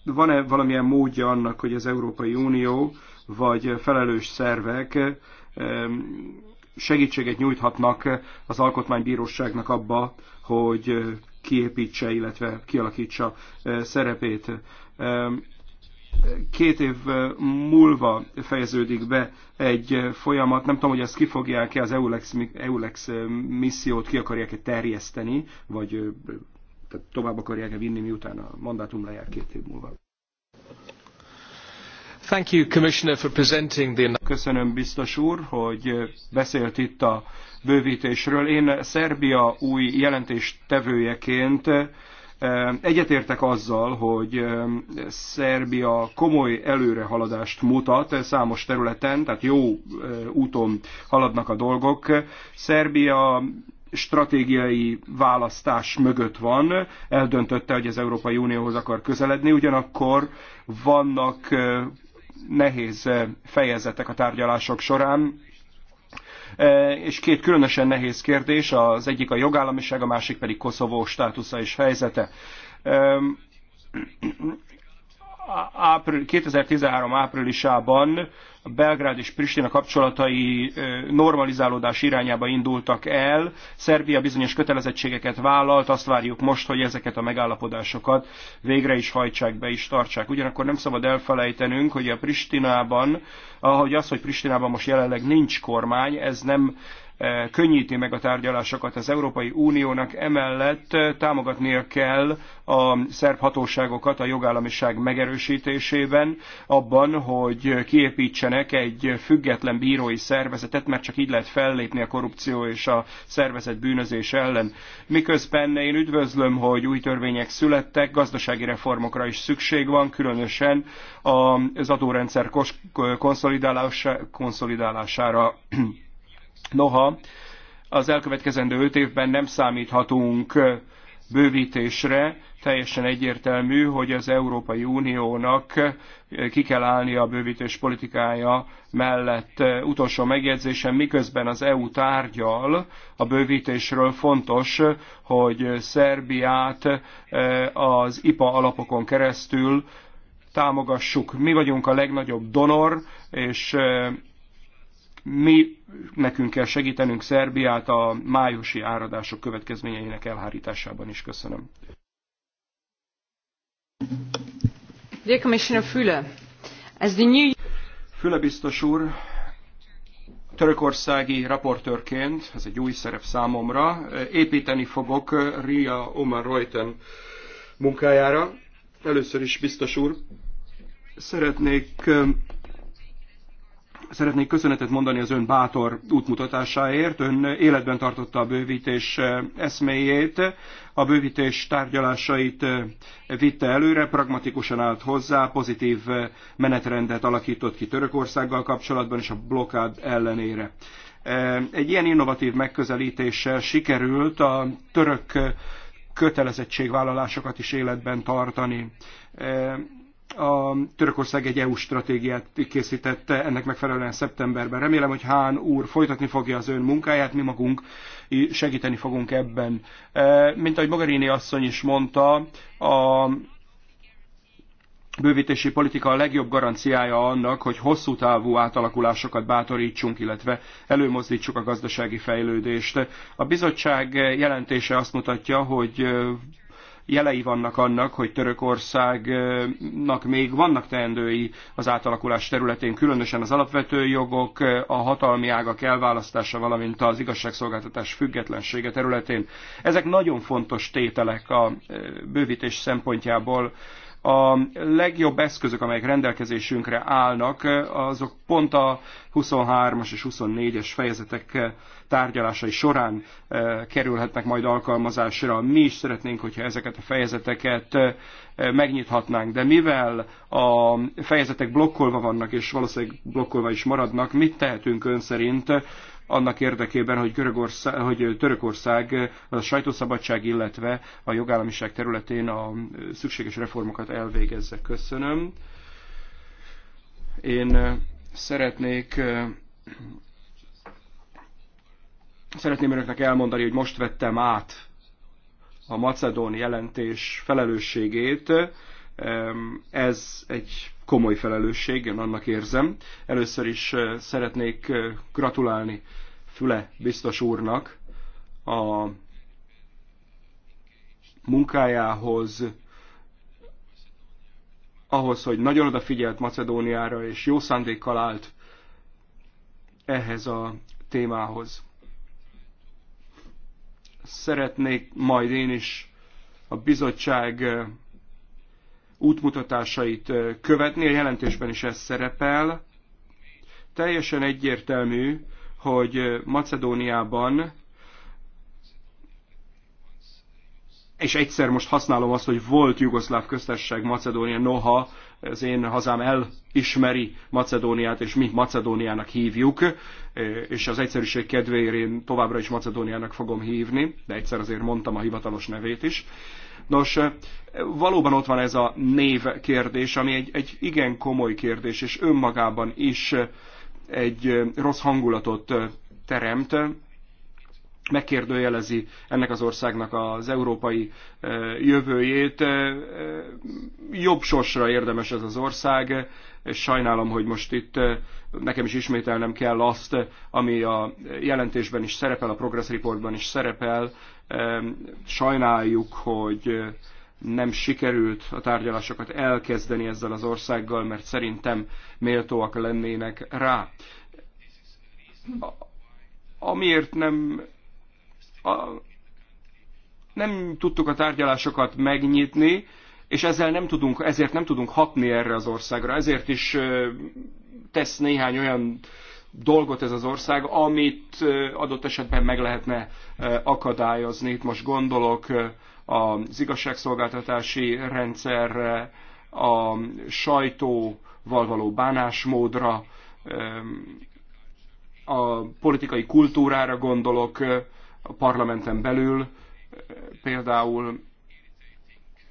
van-e valamilyen módja annak, hogy az Európai Unió vagy felelős szervek eh, segítséget nyújthatnak az alkotmánybíróságnak abba, hogy kiépítse, illetve kialakítsa szerepét. Két év múlva fejeződik be egy folyamat, nem tudom, hogy ezt ki fogják-e az EULEX, EULEX missziót ki akarják-e terjeszteni, vagy tehát tovább akarják-e vinni, miután a mandátum lejár két év múlva. Thank you, Commissioner, for presenting the... Köszönöm, biztos úr, hogy beszélt itt a bővítésről. Én Szerbia új jelentéstevőjeként eh, Egyetértek azzal, hogy eh, Szerbia komoly előrehaladást mutat számos területen, tehát jó eh, úton haladnak a dolgok. Szerbia stratégiai választás mögött van, eldöntötte, hogy az Európai Unióhoz akar közeledni, ugyanakkor vannak nehéz fejezetek a tárgyalások során, E, és két különösen nehéz kérdés, az egyik a jogállamiság, a másik pedig Koszovó státusza és helyzete ápril, 2013 áprilisában a Belgrád és Pristina kapcsolatai normalizálódás irányába indultak el. Szerbia bizonyos kötelezettségeket vállalt, azt várjuk most, hogy ezeket a megállapodásokat végre is hajtsák, be is tartsák. Ugyanakkor nem szabad elfelejtenünk, hogy a Pristinában, ahogy az, hogy Pristinában most jelenleg nincs kormány, ez nem könnyíti meg a tárgyalásokat az Európai Uniónak, emellett támogatnia kell a szerb hatóságokat a jogállamiság megerősítésében, abban, hogy kiépítsenek egy független bírói szervezetet, mert csak így lehet fellépni a korrupció és a szervezet bűnözés ellen. Miközben én üdvözlöm, hogy új törvények születtek, gazdasági reformokra is szükség van, különösen az adórendszer konszolidálására Noha az elkövetkezendő öt évben nem számíthatunk bővítésre, teljesen egyértelmű, hogy az Európai Uniónak ki kell állni a bővítés politikája mellett. Utolsó megjegyzésem, miközben az EU tárgyal a bővítésről fontos, hogy Szerbiát az IPA alapokon keresztül támogassuk. Mi vagyunk a legnagyobb donor, és mi nekünk kell segítenünk Szerbiát a májusi áradások következményeinek elhárításában is. Köszönöm. Commissioner Füle, as the new... Füle biztos úr, törökországi raportőrként, ez egy új szerep számomra, építeni fogok Ria Omar Reuten munkájára. Először is biztos úr, szeretnék Szeretnék köszönetet mondani az ön bátor útmutatásáért. Ön életben tartotta a bővítés eh, eszméjét, a bővítés tárgyalásait eh, vitte előre, pragmatikusan állt hozzá, pozitív eh, menetrendet alakított ki Törökországgal kapcsolatban és a blokád ellenére. Egy ilyen innovatív megközelítéssel sikerült a török kötelezettségvállalásokat is életben tartani a Törökország egy EU stratégiát készítette ennek megfelelően szeptemberben. Remélem, hogy Hán úr folytatni fogja az ön munkáját, mi magunk segíteni fogunk ebben. E, mint ahogy Mogherini asszony is mondta, a bővítési politika a legjobb garanciája annak, hogy hosszú távú átalakulásokat bátorítsunk, illetve előmozdítsuk a gazdasági fejlődést. A bizottság jelentése azt mutatja, hogy jelei vannak annak, hogy Törökországnak még vannak teendői az átalakulás területén, különösen az alapvető jogok, a hatalmi ágak elválasztása, valamint az igazságszolgáltatás függetlensége területén. Ezek nagyon fontos tételek a bővítés szempontjából a legjobb eszközök, amelyek rendelkezésünkre állnak, azok pont a 23-as és 24-es fejezetek tárgyalásai során eh, kerülhetnek majd alkalmazásra. Mi is szeretnénk, hogyha ezeket a fejezeteket eh, megnyithatnánk, de mivel a fejezetek blokkolva vannak, és valószínűleg blokkolva is maradnak, mit tehetünk ön szerint annak érdekében, hogy, Görögország, hogy Törökország a sajtószabadság, illetve a jogállamiság területén a szükséges reformokat elvégezze. Köszönöm. Én szeretnék szeretném önöknek elmondani, hogy most vettem át a Macedón jelentés felelősségét. Ez egy komoly felelősség, én annak érzem. Először is szeretnék gratulálni Füle biztos úrnak a munkájához, ahhoz, hogy nagyon odafigyelt Macedóniára és jó szándékkal állt ehhez a témához. Szeretnék majd én is a bizottság útmutatásait követni, a jelentésben is ez szerepel. Teljesen egyértelmű, hogy Macedóniában és egyszer most használom azt, hogy volt Jugoszláv köztársaság Macedónia, noha az én hazám elismeri Macedóniát, és mi Macedóniának hívjuk, és az egyszerűség kedvéért én továbbra is Macedóniának fogom hívni, de egyszer azért mondtam a hivatalos nevét is. Nos, valóban ott van ez a név kérdés, ami egy, egy igen komoly kérdés, és önmagában is egy rossz hangulatot teremt megkérdőjelezi ennek az országnak az európai jövőjét. Jobb sorsra érdemes ez az ország, és sajnálom, hogy most itt nekem is ismételnem kell azt, ami a jelentésben is szerepel, a Progress Reportban is szerepel. Sajnáljuk, hogy nem sikerült a tárgyalásokat elkezdeni ezzel az országgal, mert szerintem méltóak lennének rá. Amiért nem a, nem tudtuk a tárgyalásokat megnyitni, és ezzel nem tudunk, ezért nem tudunk hatni erre az országra. Ezért is tesz néhány olyan dolgot ez az ország, amit adott esetben meg lehetne akadályozni. Itt most gondolok az igazságszolgáltatási rendszerre, a sajtóval való bánásmódra, a politikai kultúrára gondolok, a parlamenten belül például,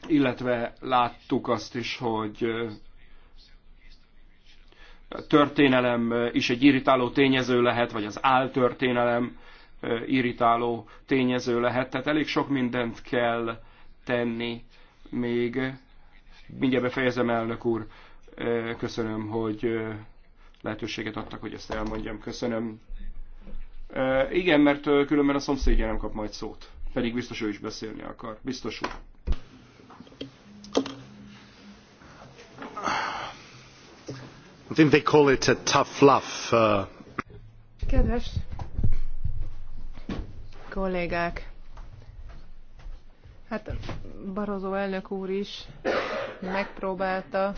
illetve láttuk azt is, hogy a történelem is egy irritáló tényező lehet, vagy az áltörténelem irritáló tényező lehet, tehát elég sok mindent kell tenni még. Mindjárt befejezem, elnök úr. Köszönöm, hogy lehetőséget adtak, hogy ezt elmondjam. Köszönöm igen, mert különben a szomszédja nem kap majd szót. Pedig biztos ő is beszélni akar. Biztos úr. I think they call it a tough love. Uh... Kedves kollégák, hát Barozó elnök úr is megpróbálta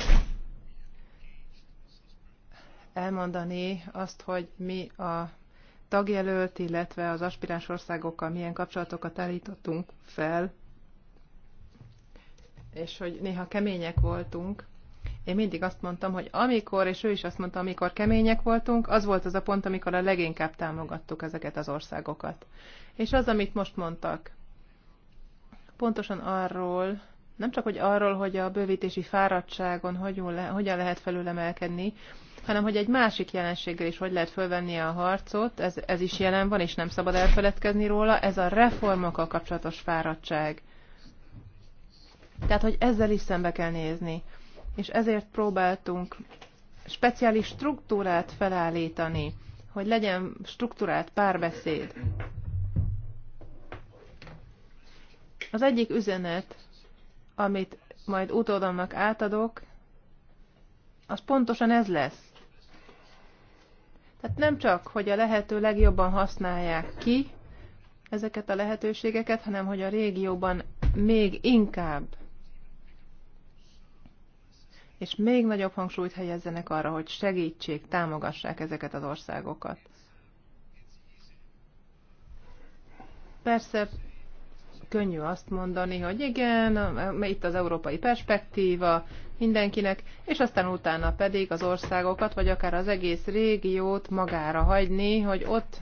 elmondani azt, hogy mi a tagjelölt, illetve az aspiráns országokkal milyen kapcsolatokat állítottunk fel, és hogy néha kemények voltunk. Én mindig azt mondtam, hogy amikor, és ő is azt mondta, amikor kemények voltunk, az volt az a pont, amikor a leginkább támogattuk ezeket az országokat. És az, amit most mondtak, pontosan arról nem csak hogy arról, hogy a bővítési fáradtságon hogyan lehet felülemelkedni, hanem hogy egy másik jelenséggel is hogy lehet fölvenni a harcot, ez, ez is jelen van, és nem szabad elfeledkezni róla, ez a reformokkal kapcsolatos fáradtság. Tehát, hogy ezzel is szembe kell nézni. És ezért próbáltunk speciális struktúrát felállítani, hogy legyen struktúrát párbeszéd. Az egyik üzenet amit majd utódomnak átadok, az pontosan ez lesz. Tehát nem csak, hogy a lehető legjobban használják ki ezeket a lehetőségeket, hanem hogy a régióban még inkább és még nagyobb hangsúlyt helyezzenek arra, hogy segítsék, támogassák ezeket az országokat. Persze könnyű azt mondani, hogy igen, itt az európai perspektíva mindenkinek, és aztán utána pedig az országokat, vagy akár az egész régiót magára hagyni, hogy ott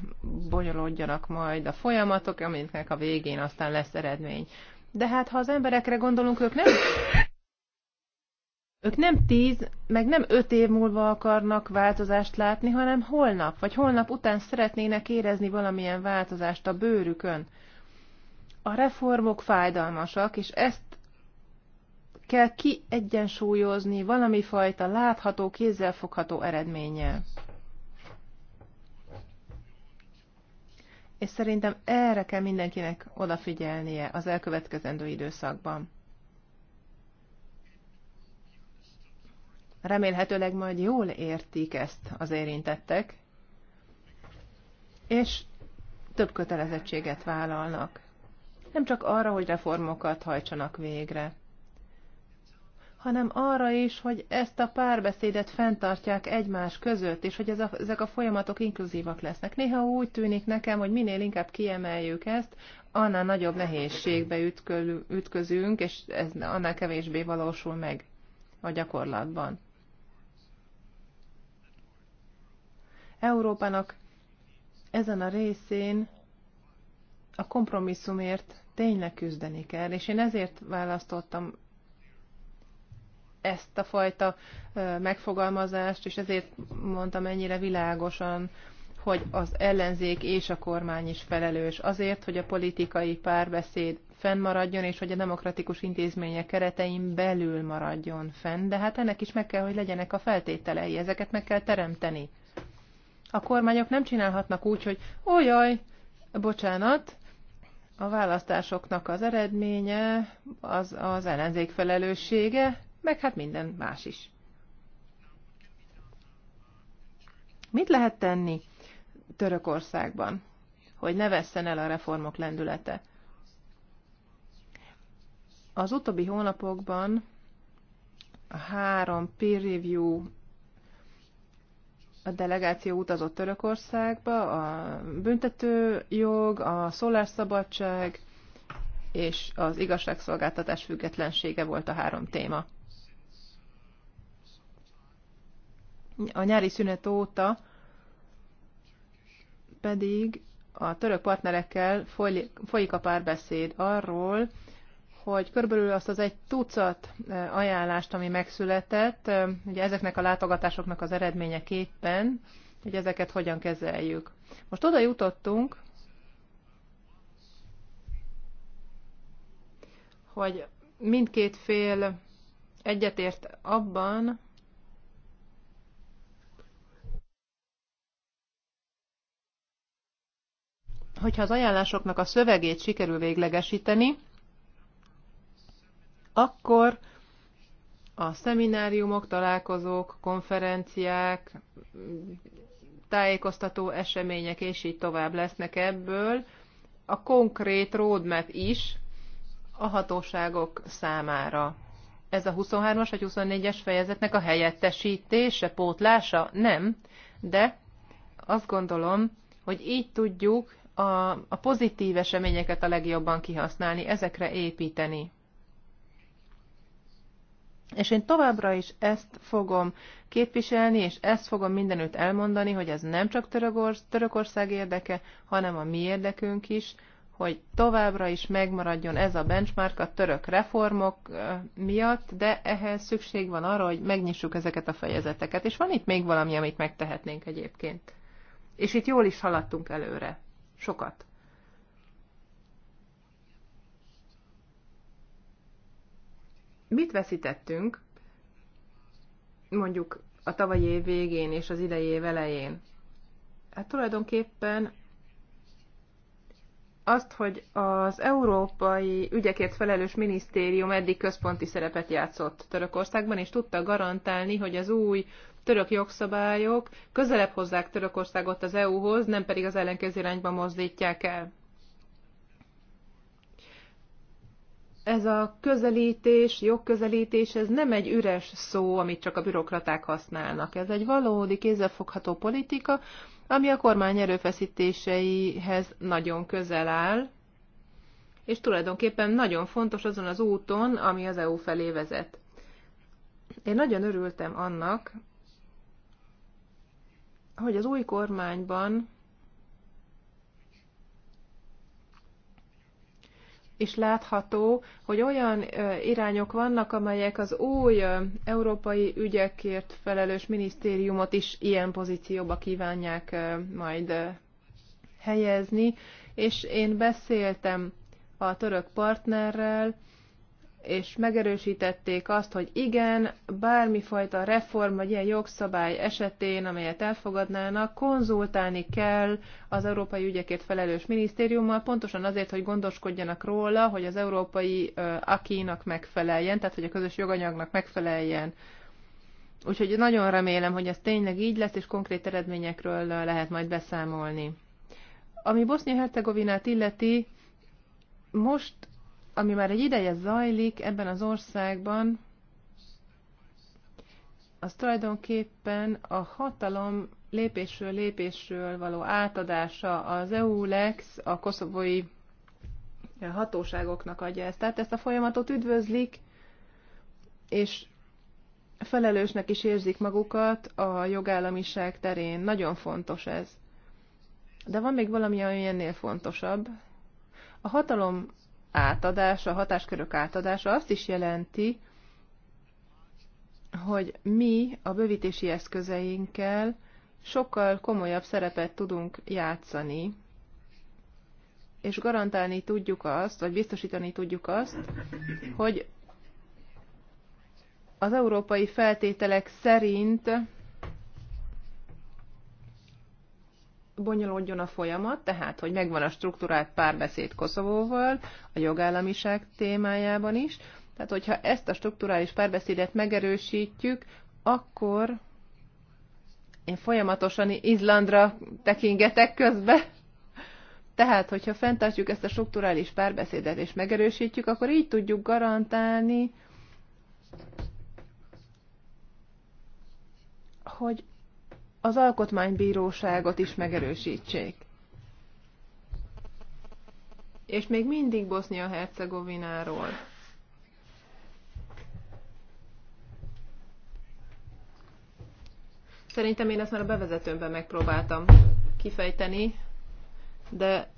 bonyolódjanak majd a folyamatok, aminek a végén aztán lesz eredmény. De hát, ha az emberekre gondolunk, ők nem ők nem tíz, meg nem öt év múlva akarnak változást látni, hanem holnap, vagy holnap után szeretnének érezni valamilyen változást a bőrükön a reformok fájdalmasak, és ezt kell kiegyensúlyozni valami fajta látható, kézzelfogható eredménnyel. És szerintem erre kell mindenkinek odafigyelnie az elkövetkezendő időszakban. Remélhetőleg majd jól értik ezt az érintettek, és több kötelezettséget vállalnak nem csak arra, hogy reformokat hajtsanak végre, hanem arra is, hogy ezt a párbeszédet fenntartják egymás között, és hogy ez a, ezek a folyamatok inkluzívak lesznek. Néha úgy tűnik nekem, hogy minél inkább kiemeljük ezt, annál nagyobb nehézségbe ütköl, ütközünk, és ez annál kevésbé valósul meg a gyakorlatban. Európának ezen a részén a kompromisszumért tényleg küzdeni kell, és én ezért választottam ezt a fajta megfogalmazást, és ezért mondtam ennyire világosan, hogy az ellenzék és a kormány is felelős azért, hogy a politikai párbeszéd fennmaradjon, és hogy a demokratikus intézmények keretein belül maradjon fenn, de hát ennek is meg kell, hogy legyenek a feltételei, ezeket meg kell teremteni. A kormányok nem csinálhatnak úgy, hogy ó jaj, bocsánat, a választásoknak az eredménye, az az ellenzék felelőssége, meg hát minden más is. Mit lehet tenni Törökországban, hogy ne vesszen el a reformok lendülete? Az utóbbi hónapokban három peer review a delegáció utazott Törökországba, a büntetőjog, a szólásszabadság és az igazságszolgáltatás függetlensége volt a három téma. A nyári szünet óta pedig a török partnerekkel folyik a párbeszéd arról, hogy körülbelül azt az egy tucat ajánlást, ami megszületett, ugye ezeknek a látogatásoknak az eredményeképpen, hogy ezeket hogyan kezeljük. Most oda jutottunk, hogy mindkét fél egyetért abban, hogyha az ajánlásoknak a szövegét sikerül véglegesíteni, akkor a szemináriumok, találkozók, konferenciák, tájékoztató események, és így tovább lesznek ebből. A konkrét roadmap is a hatóságok számára. Ez a 23-as vagy 24-es fejezetnek a helyettesítése, pótlása? Nem, de azt gondolom, hogy így tudjuk a, a pozitív eseményeket a legjobban kihasználni, ezekre építeni. És én továbbra is ezt fogom képviselni, és ezt fogom mindenütt elmondani, hogy ez nem csak Törökország érdeke, hanem a mi érdekünk is, hogy továbbra is megmaradjon ez a benchmark a török reformok miatt, de ehhez szükség van arra, hogy megnyissuk ezeket a fejezeteket. És van itt még valami, amit megtehetnénk egyébként. És itt jól is haladtunk előre. Sokat. Mit veszítettünk mondjuk a tavalyi év végén és az idei év elején? Hát tulajdonképpen azt, hogy az Európai Ügyekért Felelős Minisztérium eddig központi szerepet játszott Törökországban, és tudta garantálni, hogy az új török jogszabályok közelebb hozzák Törökországot az EU-hoz, nem pedig az ellenkező irányba mozdítják el. ez a közelítés, jogközelítés, ez nem egy üres szó, amit csak a bürokraták használnak. Ez egy valódi, kézzelfogható politika, ami a kormány erőfeszítéseihez nagyon közel áll, és tulajdonképpen nagyon fontos azon az úton, ami az EU felé vezet. Én nagyon örültem annak, hogy az új kormányban és látható, hogy olyan irányok vannak, amelyek az új európai ügyekért felelős minisztériumot is ilyen pozícióba kívánják majd helyezni, és én beszéltem a török partnerrel, és megerősítették azt, hogy igen, bármifajta reform vagy ilyen jogszabály esetén, amelyet elfogadnának, konzultálni kell az európai ügyekért felelős minisztériummal, pontosan azért, hogy gondoskodjanak róla, hogy az európai akinak megfeleljen, tehát hogy a közös joganyagnak megfeleljen. Úgyhogy nagyon remélem, hogy ez tényleg így lesz, és konkrét eredményekről lehet majd beszámolni. Ami Bosznia-Hercegovinát illeti, most ami már egy ideje zajlik ebben az országban, az tulajdonképpen a hatalom lépésről lépésről való átadása az EU-lex, a koszovói hatóságoknak adja ezt. Tehát ezt a folyamatot üdvözlik, és felelősnek is érzik magukat a jogállamiság terén. Nagyon fontos ez. De van még valami, ami ennél fontosabb. A hatalom átadása, hatáskörök átadása azt is jelenti, hogy mi a bővítési eszközeinkkel sokkal komolyabb szerepet tudunk játszani, és garantálni tudjuk azt, vagy biztosítani tudjuk azt, hogy az európai feltételek szerint bonyolódjon a folyamat, tehát hogy megvan a struktúrált párbeszéd Koszovóval, a jogállamiság témájában is. Tehát, hogyha ezt a strukturális párbeszédet megerősítjük, akkor én folyamatosan Izlandra tekingetek közbe. Tehát, hogyha fenntartjuk ezt a strukturális párbeszédet és megerősítjük, akkor így tudjuk garantálni, hogy az alkotmánybíróságot is megerősítsék. És még mindig Bosznia-Hercegovináról. Szerintem én ezt már a bevezetőmben megpróbáltam kifejteni, de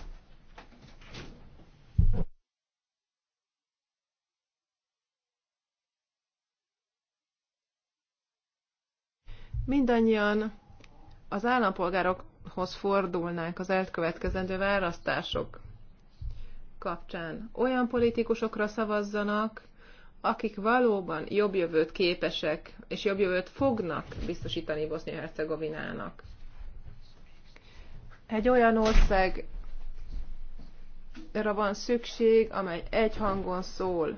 mindannyian az állampolgárokhoz fordulnánk az elkövetkezendő választások kapcsán, olyan politikusokra szavazzanak, akik valóban jobb jövőt képesek és jobb jövőt fognak biztosítani Bosznia-Hercegovinának. Egy olyan ország erre van szükség, amely egy hangon szól.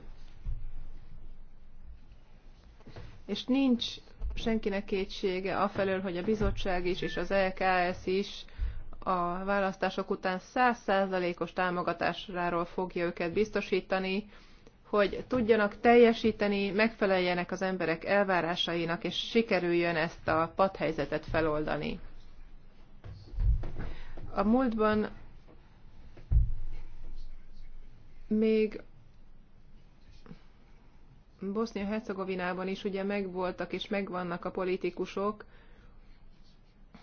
És nincs senkinek kétsége afelől, hogy a bizottság is és az LKS e is a választások után százszázalékos támogatásáról fogja őket biztosítani, hogy tudjanak teljesíteni, megfeleljenek az emberek elvárásainak, és sikerüljön ezt a padhelyzetet feloldani. A múltban még Bosznia-Hercegovinában is ugye megvoltak és megvannak a politikusok,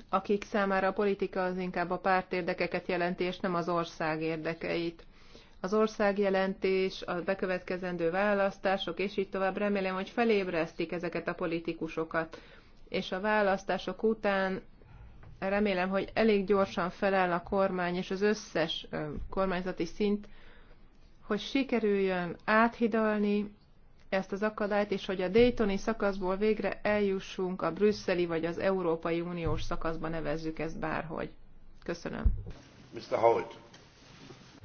akik számára a politika az inkább a párt érdekeket jelenti, és nem az ország érdekeit. Az ország jelentés, a bekövetkezendő választások, és így tovább remélem, hogy felébresztik ezeket a politikusokat. És a választások után remélem, hogy elég gyorsan feláll a kormány és az összes kormányzati szint, hogy sikerüljön áthidalni ezt az akadályt, és hogy a Daytoni szakaszból végre eljussunk a brüsszeli vagy az Európai Uniós szakaszba nevezzük ezt bárhogy. Köszönöm. Mr. Howitt.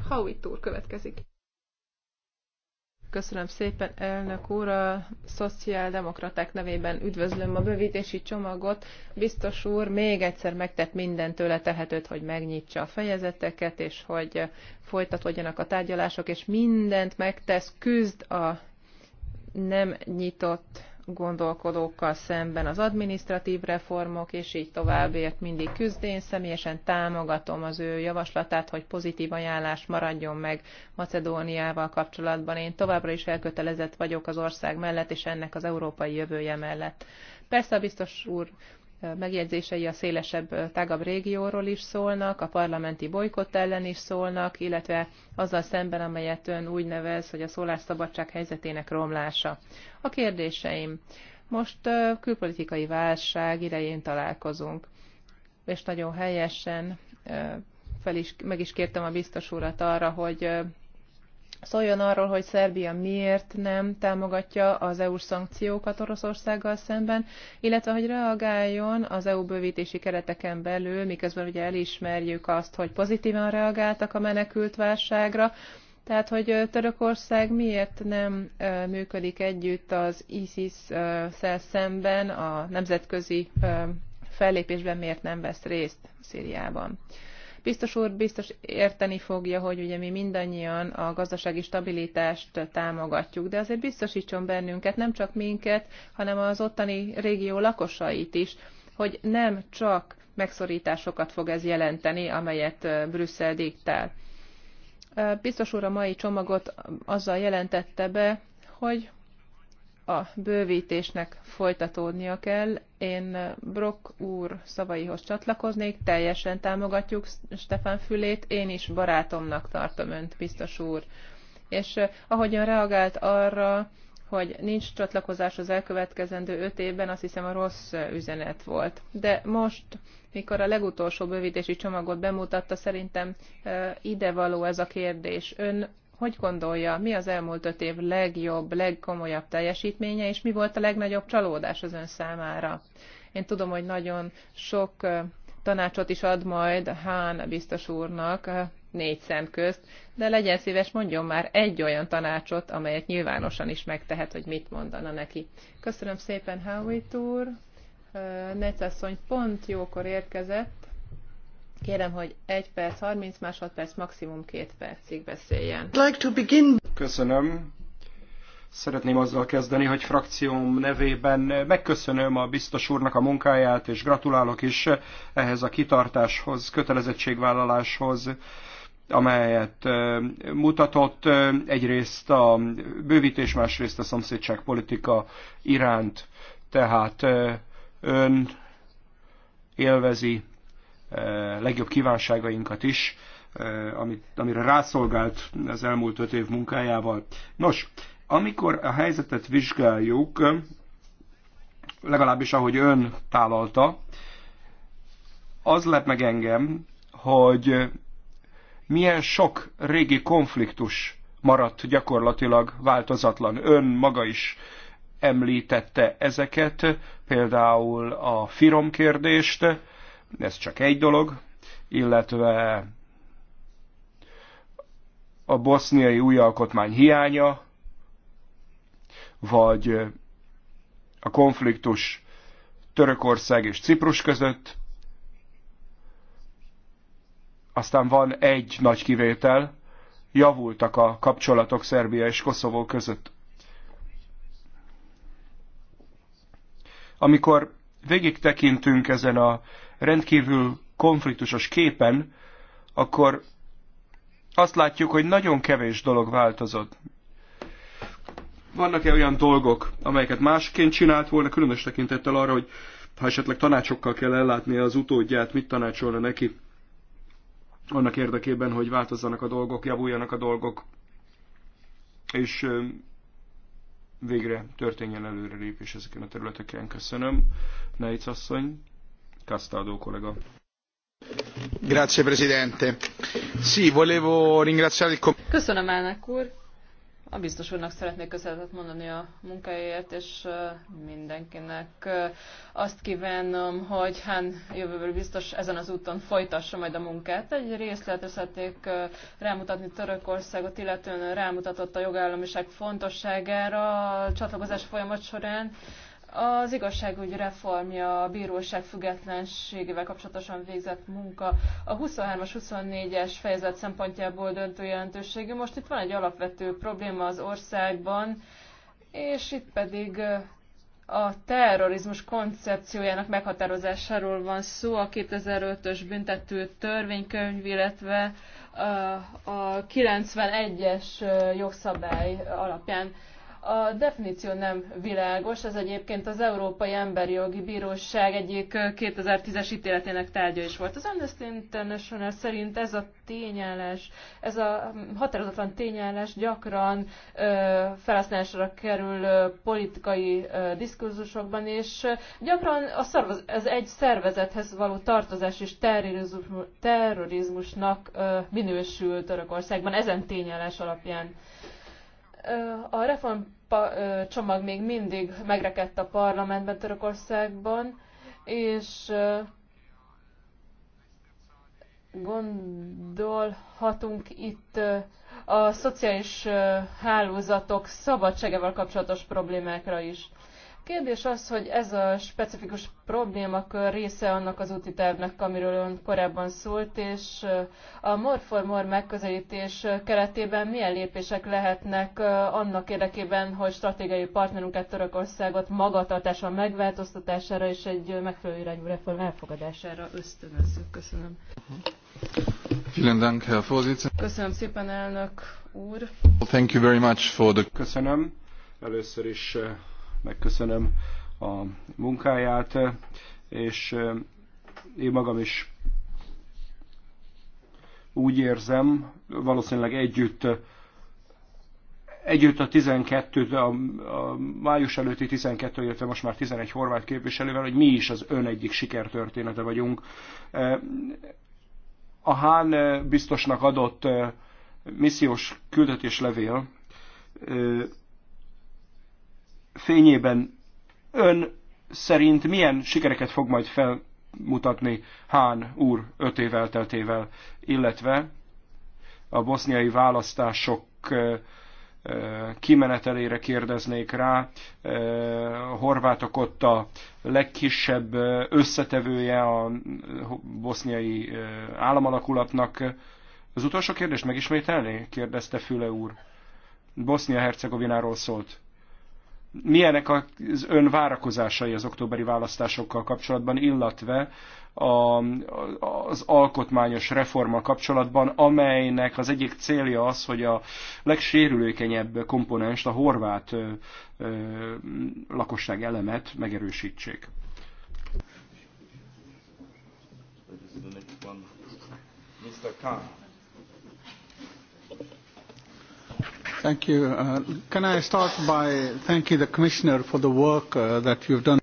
Howitt úr következik. Köszönöm szépen, elnök úr. A szociáldemokraták nevében üdvözlöm a bővítési csomagot. Biztos úr még egyszer megtett minden tőle tehetőt, hogy megnyitsa a fejezeteket, és hogy folytatódjanak a tárgyalások, és mindent megtesz, küzd a nem nyitott gondolkodókkal szemben az adminisztratív reformok, és így továbbért mindig küzd. Én személyesen támogatom az ő javaslatát, hogy pozitív ajánlás maradjon meg Macedóniával kapcsolatban. Én továbbra is elkötelezett vagyok az ország mellett, és ennek az európai jövője mellett. Persze a biztos úr megjegyzései a szélesebb, tágabb régióról is szólnak, a parlamenti bolykott ellen is szólnak, illetve azzal szemben, amelyet ön úgy nevez, hogy a szólásszabadság helyzetének romlása. A kérdéseim. Most külpolitikai válság idején találkozunk, és nagyon helyesen fel is, meg is kértem a biztos urat arra, hogy szóljon arról, hogy Szerbia miért nem támogatja az EU-s szankciókat Oroszországgal szemben, illetve hogy reagáljon az EU bővítési kereteken belül, miközben ugye elismerjük azt, hogy pozitívan reagáltak a menekült válságra, tehát, hogy Törökország miért nem működik együtt az ISIS-szel szemben, a nemzetközi fellépésben miért nem vesz részt Szíriában. Biztos úr biztos érteni fogja, hogy ugye mi mindannyian a gazdasági stabilitást támogatjuk, de azért biztosítson bennünket, nem csak minket, hanem az ottani régió lakosait is, hogy nem csak megszorításokat fog ez jelenteni, amelyet Brüsszel diktál. Biztos úr a mai csomagot azzal jelentette be, hogy a bővítésnek folytatódnia kell. Én Brock úr szavaihoz csatlakoznék, teljesen támogatjuk Stefan Fülét, én is barátomnak tartom önt, biztos úr. És eh, ahogyan reagált arra, hogy nincs csatlakozás az elkövetkezendő öt évben, azt hiszem a rossz üzenet volt. De most, mikor a legutolsó bővítési csomagot bemutatta, szerintem eh, idevaló ez a kérdés. Ön hogy gondolja, mi az elmúlt öt év legjobb, legkomolyabb teljesítménye, és mi volt a legnagyobb csalódás az ön számára? Én tudom, hogy nagyon sok tanácsot is ad majd Hán biztos úrnak négy szem közt, de legyen szíves, mondjon már egy olyan tanácsot, amelyet nyilvánosan is megtehet, hogy mit mondana neki. Köszönöm szépen, Howitt úr! Necesszony pont jókor érkezett, Kérem, hogy 1 perc, 30 másodperc, maximum 2 percig beszéljen. Like to begin. Köszönöm. Szeretném azzal kezdeni, hogy frakcióm nevében megköszönöm a biztos úrnak a munkáját, és gratulálok is ehhez a kitartáshoz, kötelezettségvállaláshoz, amelyet mutatott egyrészt a bővítés, másrészt a szomszédság politika iránt. Tehát ön élvezi legjobb kívánságainkat is, amit, amire rászolgált az elmúlt öt év munkájával. Nos, amikor a helyzetet vizsgáljuk, legalábbis ahogy ön tálalta, az lep meg engem, hogy milyen sok régi konfliktus maradt gyakorlatilag változatlan. Ön maga is említette ezeket, például a firom kérdést, ez csak egy dolog, illetve a boszniai új alkotmány hiánya, vagy a konfliktus Törökország és Ciprus között. Aztán van egy nagy kivétel, javultak a kapcsolatok Szerbia és Koszovó között. Amikor végig tekintünk ezen a rendkívül konfliktusos képen, akkor azt látjuk, hogy nagyon kevés dolog változott. Vannak-e olyan dolgok, amelyeket másként csinált volna, különös tekintettel arra, hogy ha esetleg tanácsokkal kell ellátnia az utódját, mit tanácsolna neki annak érdekében, hogy változzanak a dolgok, javuljanak a dolgok, és végre történjen előrelépés ezeken a területeken. Köszönöm, Neic asszony. Castaldo kollega. Grazie Presidente. Sì, volevo ringraziare il Köszönöm elnök úr. A biztos úrnak szeretnék köszönetet mondani a munkáért, és mindenkinek azt kívánom, hogy hán jövőből biztos ezen az úton folytassa majd a munkát. Egy részletre szeretnék rámutatni Törökországot, illetően rámutatott a jogállamiság fontosságára a csatlakozás folyamat során az igazságügy reformja, a bíróság függetlenségével kapcsolatosan végzett munka a 23-as, 24-es fejezet szempontjából döntő jelentőségű. Most itt van egy alapvető probléma az országban, és itt pedig a terrorizmus koncepciójának meghatározásáról van szó, a 2005-ös büntető törvénykönyv, illetve a 91-es jogszabály alapján a definíció nem világos, ez egyébként az Európai Emberi Jogi Bíróság egyik 2010-es ítéletének tárgya is volt. Az Amnesty International szerint ez a tényállás, ez a határozatlan tényállás gyakran ö, felhasználásra kerül ö, politikai ö, diskurzusokban, és gyakran a szervez, ez egy szervezethez való tartozás és terrorizmusnak ö, minősül Törökországban ezen tényállás alapján. A reform csomag még mindig megrekedt a parlamentben Törökországban, és gondolhatunk itt a szociális hálózatok szabadságával kapcsolatos problémákra is. Kérdés az, hogy ez a specifikus problémakör része annak az úti tervnek, amiről ön korábban szólt, és a More for More megközelítés keretében milyen lépések lehetnek annak érdekében, hogy stratégiai partnerünket Törökországot magatartása megváltoztatására és egy megfelelő irányú reform elfogadására ösztönözzük. Köszönöm. Köszönöm szépen, elnök úr. Thank you very much for the... Köszönöm. Először is megköszönöm a munkáját, és eh, én magam is úgy érzem, valószínűleg együtt együtt a 12 a, a május előtti 12, illetve most már 11 horvát képviselővel, hogy mi is az ön egyik sikertörténete vagyunk. Eh, a Hán eh, biztosnak adott missziós küldetéslevél fényében ön szerint milyen sikereket fog majd felmutatni Hán úr öt év elteltével, illetve a boszniai választások kimenetelére kérdeznék rá. A horvátok ott a legkisebb összetevője a boszniai államalakulatnak. Az utolsó kérdést megismételné? kérdezte Füle úr. Bosznia-Hercegovináról szólt milyenek az ön várakozásai az októberi választásokkal kapcsolatban, illetve a, az alkotmányos reforma kapcsolatban, amelynek az egyik célja az, hogy a legsérülékenyebb komponens, a horvát ö, ö, lakosság elemet megerősítsék. Mr. Khan. Uh, uh,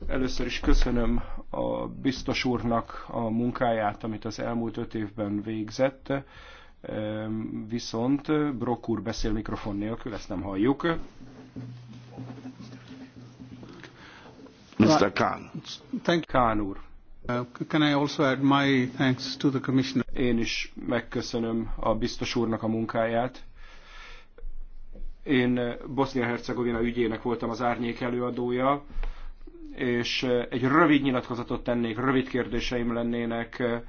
Először is köszönöm a biztos úrnak a munkáját, amit az elmúlt öt évben végzett. Um, viszont Brock úr beszél mikrofon nélkül, ezt nem halljuk. Mr. Khan. Thank Khan úr. Uh, can I also add my thanks to the commissioner? Én is megköszönöm a biztos úrnak a munkáját. Én eh, Bosznia-Hercegovina ügyének voltam az árnyék előadója, és eh, egy rövid nyilatkozatot tennék, rövid kérdéseim lennének. Eh,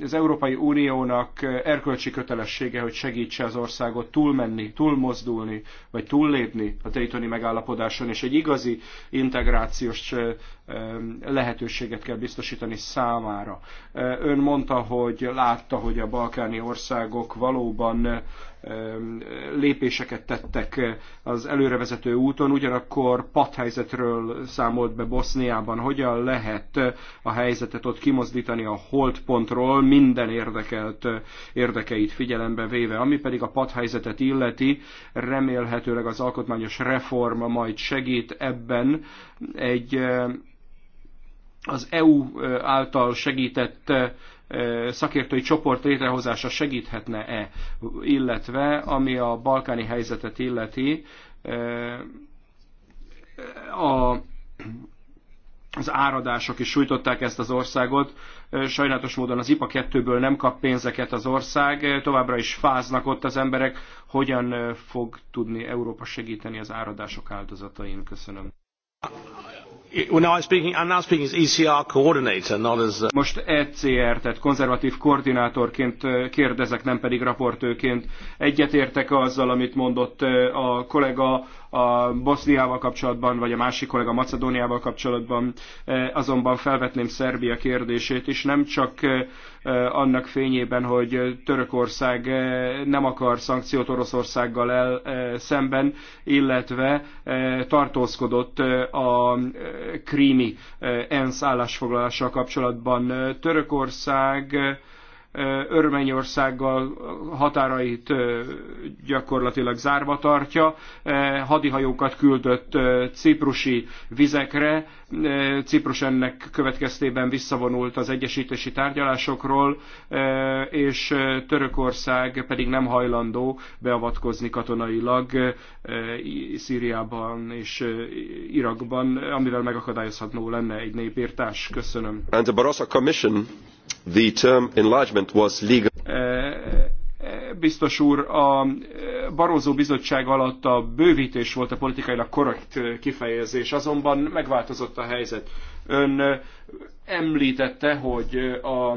az Európai Uniónak erkölcsi kötelessége, hogy segítse az országot túlmenni, túlmozdulni, vagy túllépni a Daytoni megállapodáson, és egy igazi integrációs lehetőséget kell biztosítani számára. Ön mondta, hogy látta, hogy a balkáni országok valóban lépéseket tettek az előrevezető úton, ugyanakkor padhelyzetről számolt be Boszniában. Hogyan lehet a helyzetet ott kimozdítani a holdpontról minden érdekelt érdekeit figyelembe véve? Ami pedig a padhelyzetet illeti, remélhetőleg az alkotmányos reforma majd segít ebben egy az EU által segített szakértői csoport létrehozása segíthetne-e, illetve ami a balkáni helyzetet illeti, a, az áradások is sújtották ezt az országot. Sajnálatos módon az IPA 2-ből nem kap pénzeket az ország, továbbra is fáznak ott az emberek. Hogyan fog tudni Európa segíteni az áradások áldozatain? Köszönöm. Most ECR, tehát konzervatív koordinátorként uh, kérdezek, nem pedig raportőként. Egyetértek azzal, amit mondott uh, a kollega a Boszniával kapcsolatban, vagy a másik kollega Macedóniával kapcsolatban, e, azonban felvetném Szerbia kérdését is, nem csak e, e, annak fényében, hogy Törökország nem akar szankciót Oroszországgal el szemben, illetve tartózkodott a krími ENSZ állásfoglalással kapcsolatban. Törökország Örményországgal határait gyakorlatilag zárva tartja, hadihajókat küldött ciprusi vizekre, Ciprus ennek következtében visszavonult az egyesítési tárgyalásokról, és Törökország pedig nem hajlandó beavatkozni katonailag Szíriában és Irakban, amivel megakadályozható lenne egy népírtás. Köszönöm. And the Barossa Commission The term enlargement was legal. Biztos úr, a Barózó bizottság alatt a bővítés volt a politikailag korrekt kifejezés, azonban megváltozott a helyzet. Ön említette, hogy a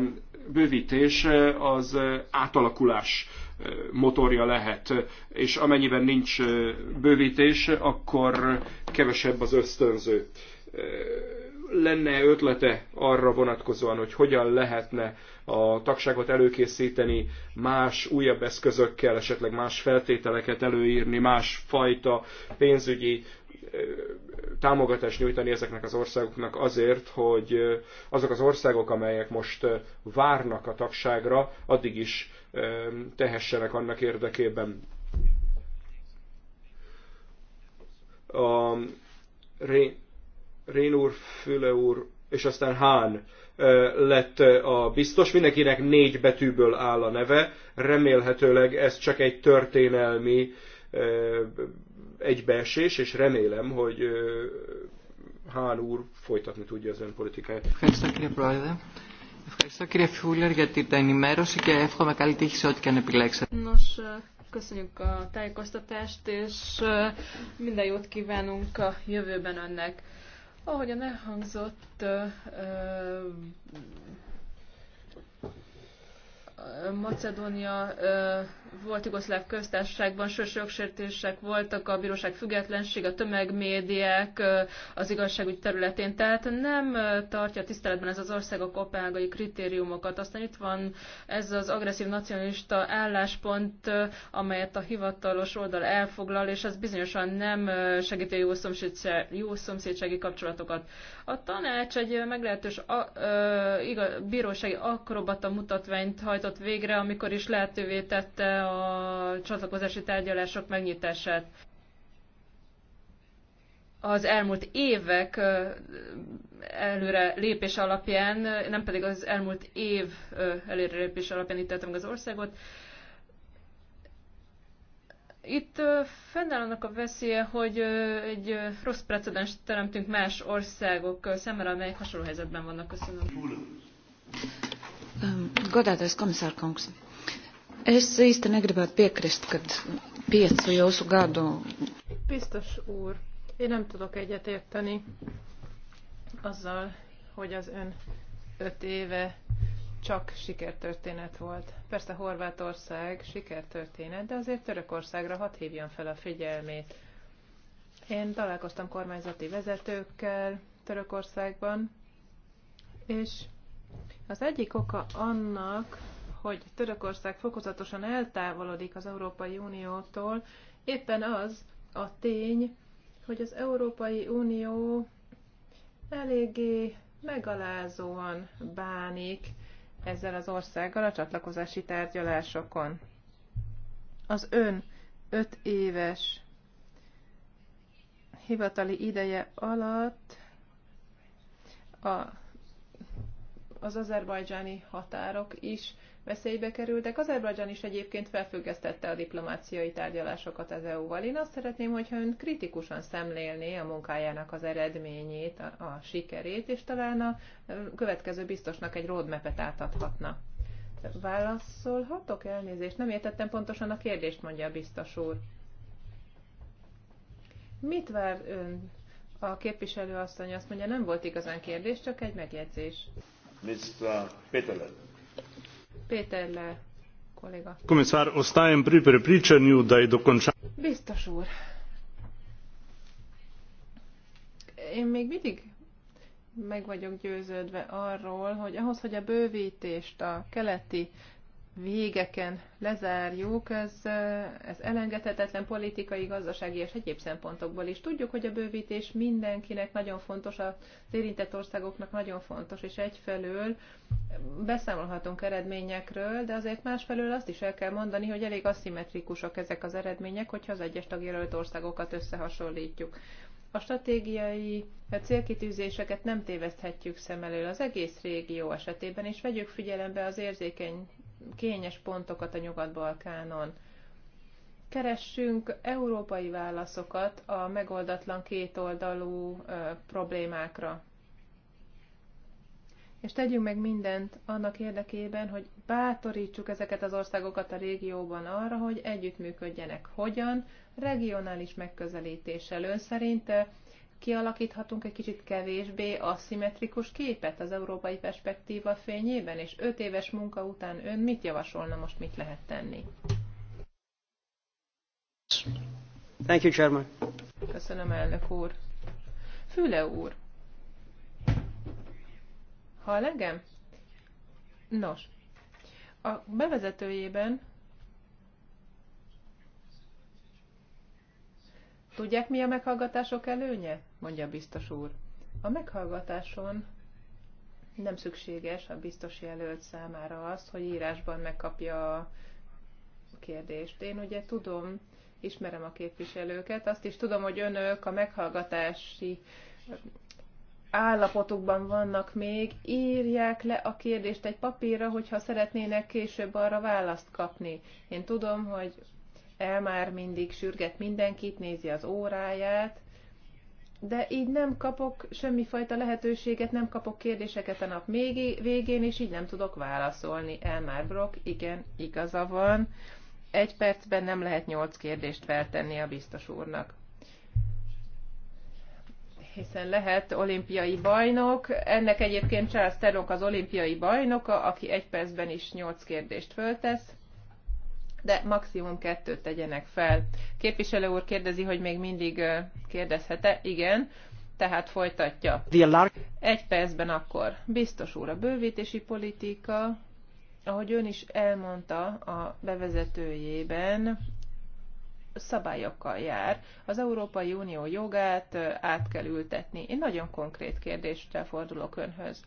bővítés az átalakulás motorja lehet, és amennyiben nincs bővítés, akkor kevesebb az ösztönző lenne ötlete arra vonatkozóan, hogy hogyan lehetne a tagságot előkészíteni más újabb eszközökkel, esetleg más feltételeket előírni, más fajta pénzügyi támogatást nyújtani ezeknek az országoknak azért, hogy azok az országok, amelyek most várnak a tagságra, addig is tehessenek annak érdekében. A Rén úr, Füle úr, és aztán Hán lett a biztos. Mindenkinek négy betűből áll a neve. Remélhetőleg ez csak egy történelmi egybeesés, és remélem, hogy Hán úr folytatni tudja az ön politikáját. Ευχαριστώ κύριε Πρόεδρε. για την ενημέρωση και εύχομαι καλή τύχη σε ό,τι και αν επιλέξετε. Nos, köszönjük a tájékoztatást, és minden jót kívánunk a jövőben önnek. Ahogyan elhangzott, Macedónia volt Jugoszláv köztársaságban, sős jogsértések voltak, a bíróság függetlenség, a tömegmédiák az igazságügy területén, tehát nem tartja tiszteletben ez az ország a kopenhágai kritériumokat. Aztán itt van ez az agresszív nacionalista álláspont, amelyet a hivatalos oldal elfoglal, és ez bizonyosan nem segíti a jó, jó szomszédsági kapcsolatokat. A tanács egy meglehetős a, ö, igaz, bírósági akrobata mutatványt hajtott végre, amikor is lehetővé tette a csatlakozási tárgyalások megnyitását az elmúlt évek előre lépés alapján, nem pedig az elmúlt év előre lépés alapján itt meg az országot. Itt fennáll annak a veszélye, hogy egy rossz precedens teremtünk más országok szemmel, amelyek hasonló helyzetben vannak. Köszönöm. Godātais komisārkungs, es īsti negribētu piekrist, kad piecu jūsu gadu. Biztos úr, én nem tudok egyetérteni azzal, hogy az ön öt éve csak sikertörténet volt. Persze Horvátország sikertörténet, de azért Törökországra hadd hívjam fel a figyelmét. Én találkoztam kormányzati vezetőkkel Törökországban, és az egyik oka annak, hogy Törökország fokozatosan eltávolodik az Európai Uniótól, éppen az a tény, hogy az Európai Unió eléggé megalázóan bánik ezzel az országgal a csatlakozási tárgyalásokon. Az ön öt éves hivatali ideje alatt a, az azerbajdzsáni határok is veszélybe kerültek. Azerbajdzsán is egyébként felfüggesztette a diplomáciai tárgyalásokat az EU-val. Én azt szeretném, hogyha ön kritikusan szemlélné a munkájának az eredményét, a, a sikerét, és talán a következő biztosnak egy roadmap-et átadhatna. Válaszolhatok? Elnézést. Nem értettem pontosan a kérdést, mondja a biztos úr. Mit vár ön? A képviselő asszony azt mondja, nem volt igazán kérdés, csak egy megjegyzés. Mr. Peterlet. Péterle kolléga. Komisár, osztályom pri prepričanju, da je dokončan... Biztos úr. Én még mindig meg vagyok győződve arról, hogy ahhoz, hogy a bővítést, a keleti végeken lezárjuk, ez, ez elengedhetetlen politikai, gazdasági és egyéb szempontokból is. Tudjuk, hogy a bővítés mindenkinek nagyon fontos, az érintett országoknak nagyon fontos, és egyfelől beszámolhatunk eredményekről, de azért másfelől azt is el kell mondani, hogy elég aszimmetrikusak ezek az eredmények, hogyha az egyes tagjelölt országokat összehasonlítjuk a stratégiai célkitűzéseket nem téveszthetjük szem elől az egész régió esetében, és vegyük figyelembe az érzékeny kényes pontokat a Nyugat-Balkánon. Keressünk európai válaszokat a megoldatlan kétoldalú problémákra. És tegyünk meg mindent annak érdekében, hogy bátorítsuk ezeket az országokat a régióban arra, hogy együttműködjenek. Hogyan? Regionális megközelítéssel. Ön szerinte kialakíthatunk egy kicsit kevésbé aszimmetrikus képet az európai perspektíva fényében, és öt éves munka után ön mit javasolna most, mit lehet tenni? Thank you, Chairman. Köszönöm, elnök úr. Füle úr. Hall engem? Nos, a bevezetőjében Tudják, mi a meghallgatások előnye? mondja a biztos úr. A meghallgatáson nem szükséges a biztos jelölt számára az, hogy írásban megkapja a kérdést. Én ugye tudom, ismerem a képviselőket, azt is tudom, hogy önök a meghallgatási állapotukban vannak még, írják le a kérdést egy papírra, hogyha szeretnének később arra választ kapni. Én tudom, hogy el már mindig sürget mindenkit, nézi az óráját, de így nem kapok semmifajta lehetőséget, nem kapok kérdéseket a nap végén, és így nem tudok válaszolni. Elmár Brock, igen, igaza van. Egy percben nem lehet nyolc kérdést feltenni a biztos úrnak hiszen lehet olimpiai bajnok. Ennek egyébként Charles Terok az olimpiai bajnoka, aki egy percben is nyolc kérdést föltesz de maximum kettőt tegyenek fel. Képviselő úr kérdezi, hogy még mindig kérdezhet-e? Igen, tehát folytatja. Egy percben akkor. Biztos úr, a bővítési politika, ahogy ön is elmondta a bevezetőjében, szabályokkal jár. Az Európai Unió jogát át kell ültetni. Én nagyon konkrét kérdésre fordulok önhöz.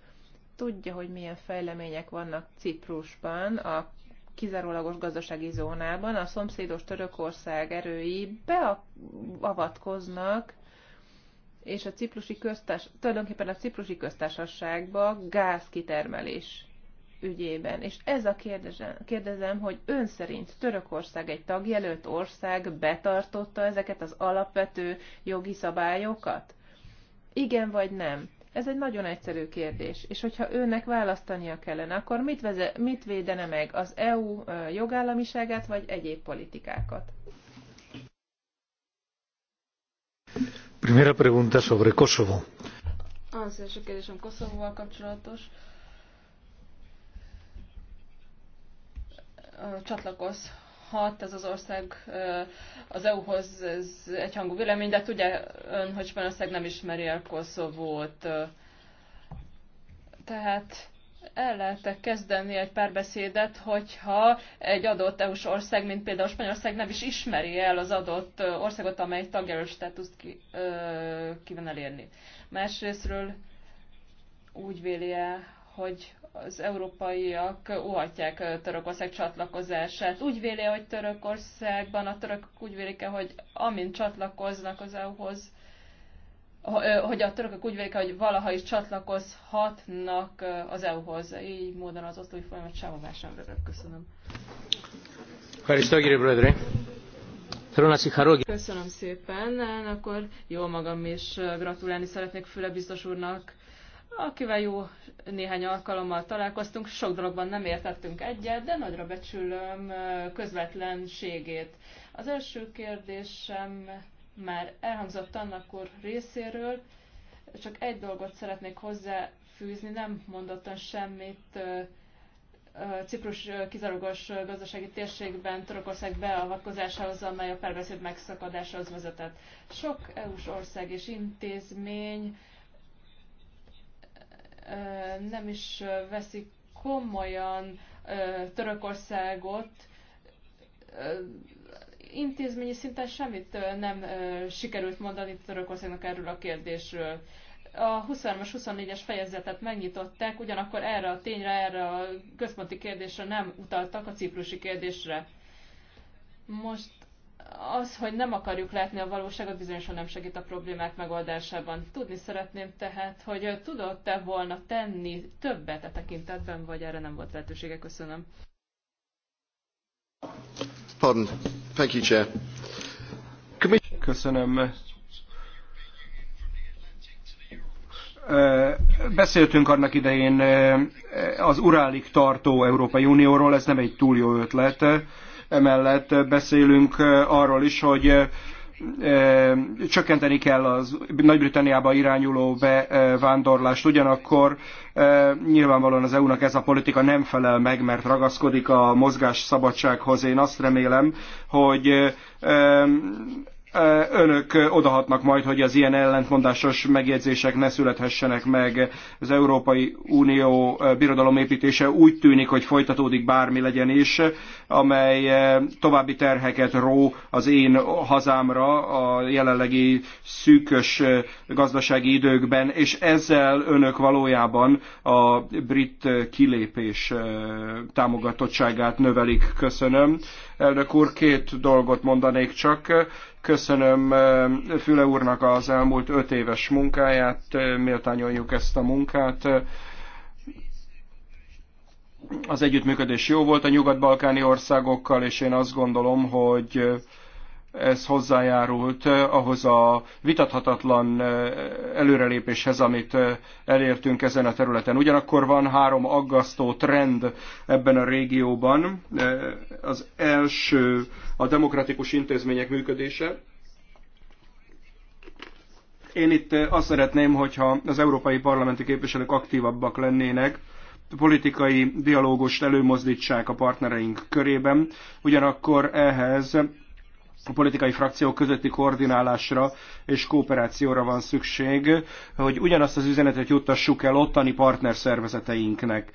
Tudja, hogy milyen fejlemények vannak Ciprusban a kizárólagos gazdasági zónában a szomszédos Törökország erői beavatkoznak, és a ciprusi köztárs, tulajdonképpen a ciprusi köztársaságba gázkitermelés ügyében. És ez a kérdezem, kérdezem, hogy ön szerint Törökország egy tagjelölt ország betartotta ezeket az alapvető jogi szabályokat? Igen vagy nem? Ez egy nagyon egyszerű kérdés, és hogyha őnek választania kellene, akkor mit, veze, mit védene meg, az EU jogállamiságát vagy egyéb politikákat? Primera pregunta sobre Kosovo. Az első kérdésem Koszovóval kapcsolatos. Csatlakoz hat ez az ország az EU-hoz egyhangú vélemény, de tudja hát ön, hogy Spanyolország nem ismeri el Koszovót. Tehát el lehet kezdeni egy beszédet, hogyha egy adott EU-s ország, mint például Spanyolország nem is ismeri el az adott országot, amely tagjelölt státuszt ki, ö, kíván elérni. Másrésztről úgy véli -e, hogy az európaiak óhatják Törökország csatlakozását. Úgy véli, hogy Törökországban a törökök úgy vélik -e, hogy amint csatlakoznak az EU-hoz, hogy a törökök úgy vélik, hogy valaha is csatlakozhatnak az EU-hoz. Így módon az osztói folyamat sehová sem vörök. Köszönöm. Köszönöm szépen, akkor jó magam is gratulálni szeretnék Füle biztos úrnak akivel jó néhány alkalommal találkoztunk, sok dologban nem értettünk egyet, de nagyra becsülöm közvetlenségét. Az első kérdésem már elhangzott annak úr részéről, csak egy dolgot szeretnék hozzáfűzni, nem mondottan semmit Ciprus kizárólagos gazdasági térségben Törökország beavatkozásához, amely a párbeszéd megszakadásához vezetett. Sok EU-s ország és intézmény nem is veszik komolyan Törökországot, intézményi szinten semmit nem sikerült mondani Törökországnak erről a kérdésről. A 23-as, 24-es fejezetet megnyitották, ugyanakkor erre a tényre, erre a központi kérdésre nem utaltak a ciprusi kérdésre. Most az, hogy nem akarjuk látni a valóságot, bizonyosan nem segít a problémák megoldásában. Tudni szeretném tehát, hogy tudott-e volna tenni többet a e tekintetben, vagy erre nem volt lehetősége. Köszönöm. Pardon. Thank you, Chair. Köszönöm. Beszéltünk annak idején az urálik tartó Európai Unióról, ez nem egy túl jó ötlet Emellett beszélünk arról is, hogy csökkenteni kell az Nagy-Britanniába irányuló bevándorlást. Ugyanakkor nyilvánvalóan az EU-nak ez a politika nem felel meg, mert ragaszkodik a mozgás szabadsághoz. Én azt remélem, hogy önök odahatnak majd, hogy az ilyen ellentmondásos megjegyzések ne születhessenek meg. Az Európai Unió építése úgy tűnik, hogy folytatódik bármi legyen is, amely további terheket ró az én hazámra a jelenlegi szűkös gazdasági időkben, és ezzel önök valójában a brit kilépés támogatottságát növelik. Köszönöm. Elnök úr, két dolgot mondanék csak. Köszönöm eh, Füle úrnak az elmúlt öt éves munkáját, eh, méltányoljuk ezt a munkát. Az együttműködés jó volt a nyugat-balkáni országokkal, és én azt gondolom, hogy eh, ez hozzájárult eh, ahhoz a vitathatatlan eh, előrelépéshez, amit eh, elértünk ezen a területen. Ugyanakkor van három aggasztó trend ebben a régióban. Az első a demokratikus intézmények működése. Én itt azt szeretném, hogyha az európai parlamenti képviselők aktívabbak lennének, politikai dialógust előmozdítsák a partnereink körében, ugyanakkor ehhez a politikai frakciók közötti koordinálásra és kooperációra van szükség, hogy ugyanazt az üzenetet juttassuk el ottani partnerszervezeteinknek.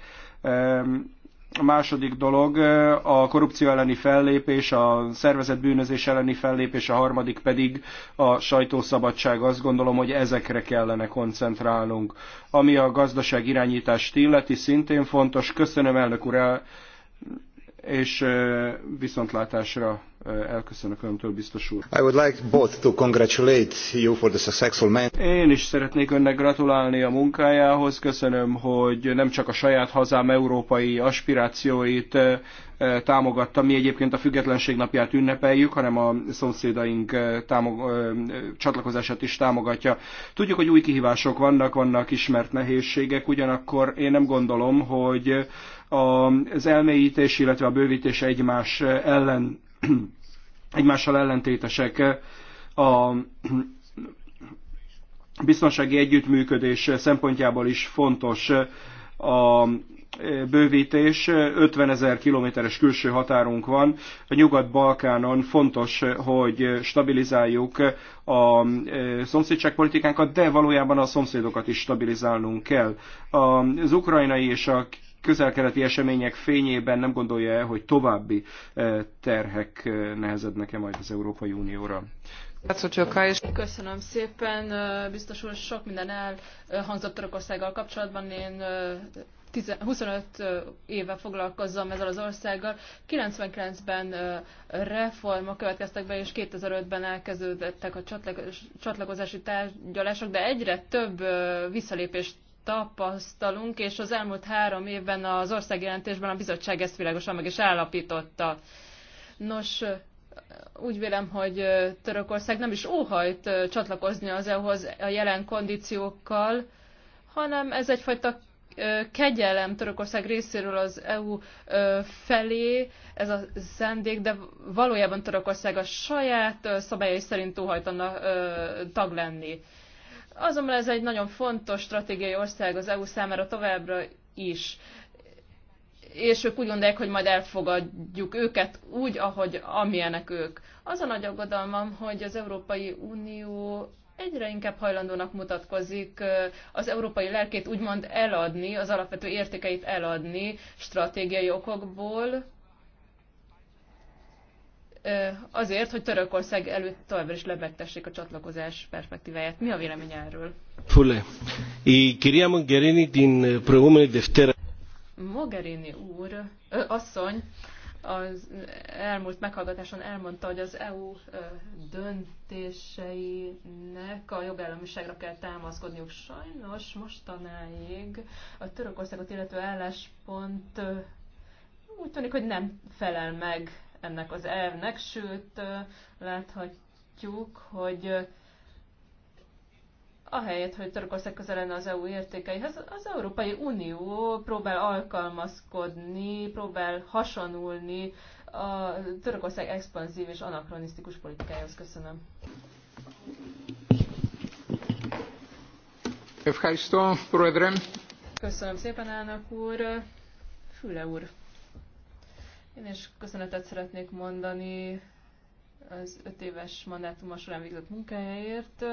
A második dolog a korrupció elleni fellépés, a szervezetbűnözés bűnözés elleni fellépés, a harmadik pedig a sajtószabadság. Azt gondolom, hogy ezekre kellene koncentrálnunk. Ami a gazdaság irányítást illeti, szintén fontos. Köszönöm, elnök úr, és viszontlátásra elköszönök öntől, biztos úr. I would like both to congratulate you for the successful man. Én is szeretnék önnek gratulálni a munkájához. Köszönöm, hogy nem csak a saját hazám európai aspirációit támogatta. Mi egyébként a függetlenség napját ünnepeljük, hanem a szomszédaink támog, csatlakozását is támogatja. Tudjuk, hogy új kihívások vannak, vannak ismert nehézségek, ugyanakkor én nem gondolom, hogy az elmélyítés, illetve a bővítés egymás ellen, egymással ellentétesek. A biztonsági együttműködés szempontjából is fontos a bővítés, 50 ezer kilométeres külső határunk van. A Nyugat-Balkánon fontos, hogy stabilizáljuk a e, szomszédságpolitikánkat, de valójában a szomszédokat is stabilizálnunk kell. Az ukrajnai és a közelkeleti események fényében nem gondolja el, hogy további eh, terhek eh, nehezednek-e majd az Európai Unióra? Köszönöm szépen. Eh, biztos úr, sok minden elhangzott Törökországgal kapcsolatban. Én 25 éve foglalkozom ezzel az országgal. 99-ben reformok következtek be, és 2005-ben elkezdődtek a csatlakozási tárgyalások, de egyre több visszalépést tapasztalunk, és az elmúlt három évben az országjelentésben a bizottság ezt világosan meg is állapította. Nos, úgy vélem, hogy Törökország nem is óhajt csatlakozni az EU-hoz a jelen kondíciókkal, hanem ez egyfajta kegyelem Törökország részéről az EU felé, ez a szendék, de valójában Törökország a saját szabályai szerint óhajtana tag lenni. Azonban ez egy nagyon fontos stratégiai ország az EU számára továbbra is. És ők úgy gondolják, hogy majd elfogadjuk őket úgy, ahogy amilyenek ők. Az a nagy aggodalmam, hogy az Európai Unió egyre inkább hajlandónak mutatkozik az európai lelkét úgymond eladni, az alapvető értékeit eladni stratégiai okokból, azért, hogy Törökország előtt továbbra is lebegtessék a csatlakozás perspektíváját. Mi a vélemény erről? Fule. I κυρία Μογκερίνη din προηγούμενη Δευτέρα. Mogherini úr, ö, asszony, az elmúlt meghallgatáson elmondta, hogy az EU döntéseinek a jogállamiságra kell támaszkodniuk. Sajnos mostanáig a Törökországot illető álláspont úgy tűnik, hogy nem felel meg ennek az elvnek, sőt láthatjuk, hogy ahelyett, hogy Törökország közel lenne az EU értékeihez, az Európai Unió próbál alkalmazkodni, próbál hasonulni a Törökország expanzív és anakronisztikus politikájához. Köszönöm. Köszönöm szépen, elnök úr. Füle úr. Én is köszönetet szeretnék mondani az öt éves mandátuma során végzett munkájáért.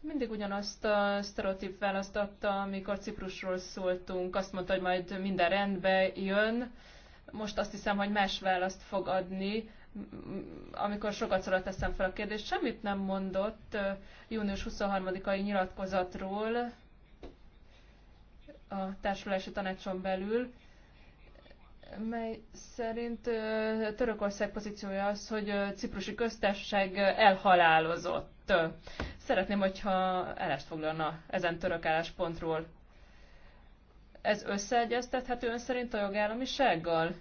Mindig ugyanazt a sztereotíp választ amikor Ciprusról szóltunk, azt mondta, hogy majd minden rendbe jön. Most azt hiszem, hogy más választ fog adni, amikor sokat szóra teszem fel a kérdést. Semmit nem mondott június 23-ai nyilatkozatról a társulási tanácson belül mely szerint Törökország pozíciója az, hogy Ciprusi köztársaság elhalálozott. Szeretném, hogyha állást foglalna ezen török álláspontról. Ez összeegyeztethető ön szerint a jogállamisággal?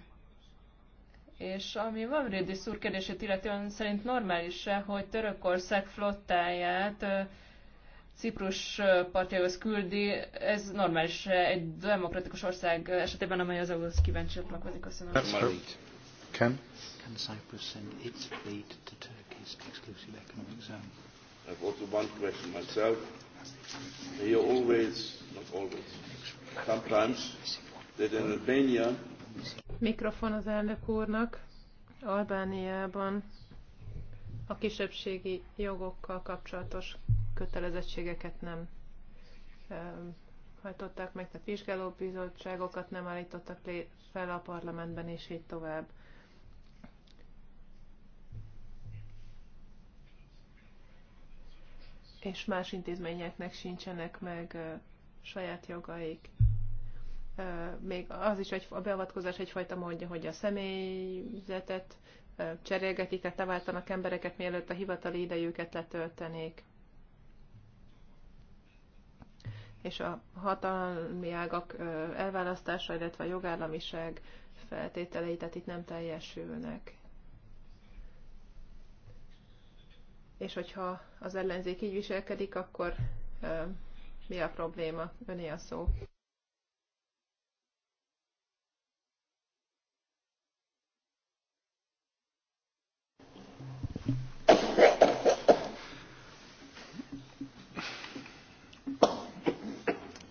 És ami van Rédi szúr kérdését ön szerint normális -e, hogy Törökország flottáját Ciprus partjához küldi, ez normális egy demokratikus ország esetében, amely az EU-hoz kíváncsi csatlakozni. Köszönöm. Ken? Can Cyprus send its fleet to Turkey's exclusive economic zone? I've also one question myself. You always, not always, sometimes that in Albania... Mikrofon az elnök úrnak. Albániában a kisebbségi jogokkal kapcsolatos kötelezettségeket nem hajtották meg, tehát vizsgálóbizottságokat nem állítottak fel a parlamentben, és így tovább. És más intézményeknek sincsenek meg saját jogaik. Még az is egy, a beavatkozás egyfajta módja, hogy a személyzetet cserélgetik, tehát váltanak embereket, mielőtt a hivatali idejüket letöltenék. és a hatalmi ágak elválasztása, illetve a jogállamiság feltételei, tehát itt nem teljesülnek. És hogyha az ellenzék így viselkedik, akkor mi a probléma? Öné a szó.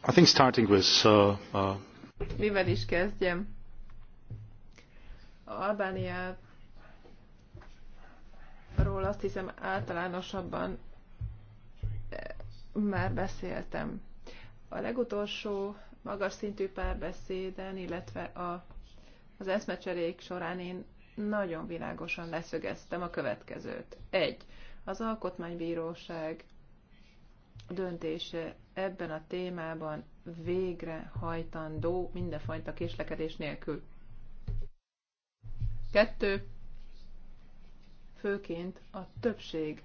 I think starting with, uh, uh... Mivel is kezdjem? Albániáról azt hiszem általánosabban eh, már beszéltem. A legutolsó magas szintű párbeszéden, illetve a, az eszmecserék során én nagyon világosan leszögeztem a következőt. Egy, az alkotmánybíróság döntése ebben a témában végre hajtandó mindenfajta késlekedés nélkül. Kettő, főként a többség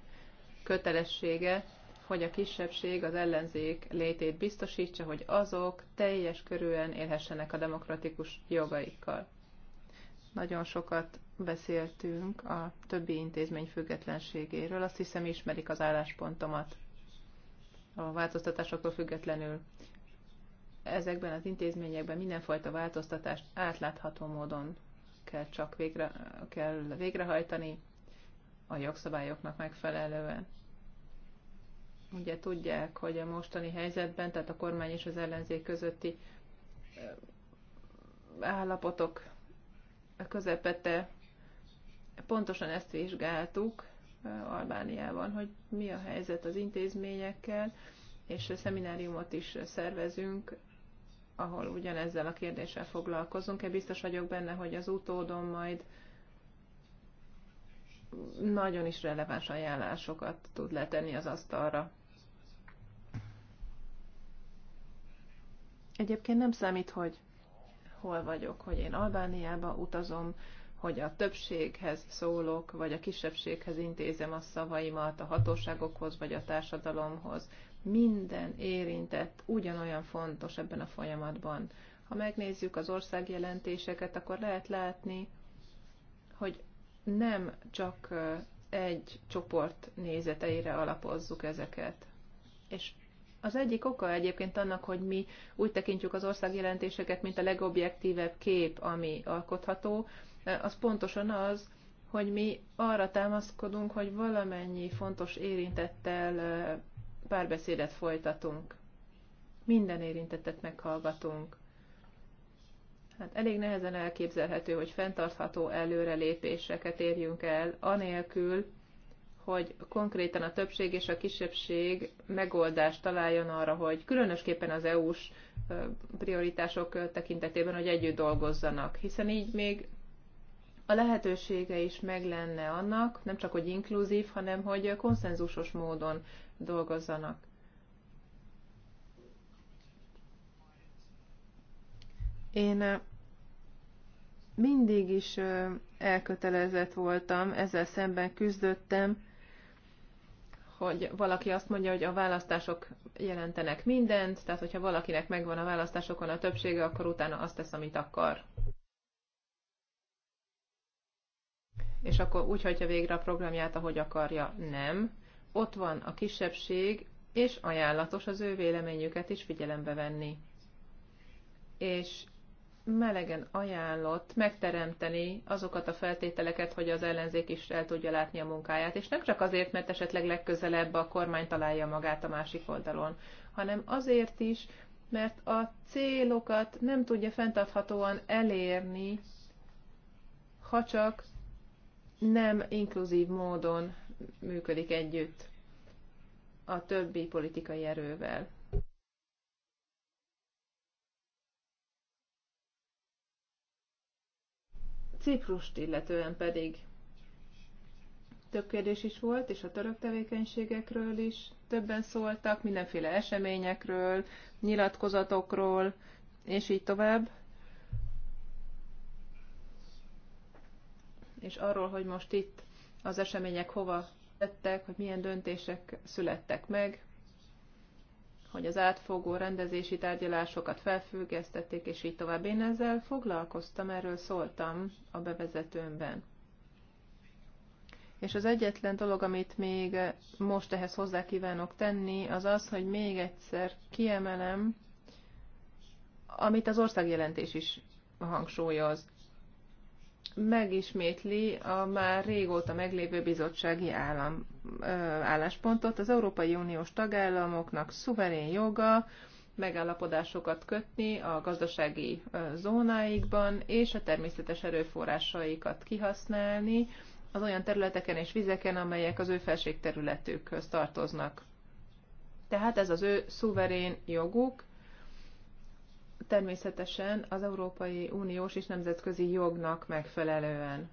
kötelessége, hogy a kisebbség, az ellenzék létét biztosítsa, hogy azok teljes körűen élhessenek a demokratikus jogaikkal. Nagyon sokat beszéltünk a többi intézmény függetlenségéről, azt hiszem ismerik az álláspontomat a változtatásoktól függetlenül ezekben az intézményekben mindenfajta változtatást átlátható módon kell csak végre, kell végrehajtani a jogszabályoknak megfelelően. Ugye tudják, hogy a mostani helyzetben, tehát a kormány és az ellenzék közötti állapotok közepette, pontosan ezt vizsgáltuk, Albániában, hogy mi a helyzet az intézményekkel, és szemináriumot is szervezünk, ahol ugyanezzel a kérdéssel foglalkozunk. Én biztos vagyok benne, hogy az utódon majd nagyon is releváns ajánlásokat tud letenni az asztalra. Egyébként nem számít, hogy hol vagyok, hogy én Albániába utazom, hogy a többséghez szólok, vagy a kisebbséghez intézem a szavaimat, a hatóságokhoz, vagy a társadalomhoz. Minden érintett ugyanolyan fontos ebben a folyamatban. Ha megnézzük az országjelentéseket, akkor lehet látni, hogy nem csak egy csoport nézeteire alapozzuk ezeket. És az egyik oka egyébként annak, hogy mi úgy tekintjük az országjelentéseket, mint a legobjektívebb kép, ami alkotható, az pontosan az, hogy mi arra támaszkodunk, hogy valamennyi fontos érintettel párbeszédet folytatunk. Minden érintettet meghallgatunk. Hát elég nehezen elképzelhető, hogy fenntartható előrelépéseket érjünk el, anélkül, hogy konkrétan a többség és a kisebbség megoldást találjon arra, hogy különösképpen az EU-s prioritások tekintetében, hogy együtt dolgozzanak. Hiszen így még a lehetősége is meg lenne annak, nem csak hogy inkluzív, hanem hogy konszenzusos módon dolgozzanak. Én eh, mindig is eh, elkötelezett voltam, ezzel szemben küzdöttem, hogy valaki azt mondja, hogy a választások jelentenek mindent, tehát hogyha valakinek megvan a választásokon a többsége, akkor utána azt tesz, amit akar. és akkor úgy hagyja végre a programját, ahogy akarja. Nem. Ott van a kisebbség, és ajánlatos az ő véleményüket is figyelembe venni. És melegen ajánlott megteremteni azokat a feltételeket, hogy az ellenzék is el tudja látni a munkáját, és nem csak azért, mert esetleg legközelebb a kormány találja magát a másik oldalon, hanem azért is, mert a célokat nem tudja fenntarthatóan elérni, ha csak nem inkluzív módon működik együtt a többi politikai erővel. Ciprust illetően pedig több kérdés is volt, és a török tevékenységekről is többen szóltak, mindenféle eseményekről, nyilatkozatokról, és így tovább. és arról, hogy most itt az események hova tettek, hogy milyen döntések születtek meg, hogy az átfogó rendezési tárgyalásokat felfüggesztették, és így tovább. Én ezzel foglalkoztam, erről szóltam a bevezetőmben. És az egyetlen dolog, amit még most ehhez hozzá kívánok tenni, az az, hogy még egyszer kiemelem, amit az országjelentés is hangsúlyoz megismétli a már régóta meglévő bizottsági állam, ö, álláspontot. Az Európai Uniós tagállamoknak szuverén joga megállapodásokat kötni a gazdasági zónáikban, és a természetes erőforrásaikat kihasználni az olyan területeken és vizeken, amelyek az ő felség tartoznak. Tehát ez az ő szuverén joguk, természetesen az Európai Uniós és nemzetközi jognak megfelelően.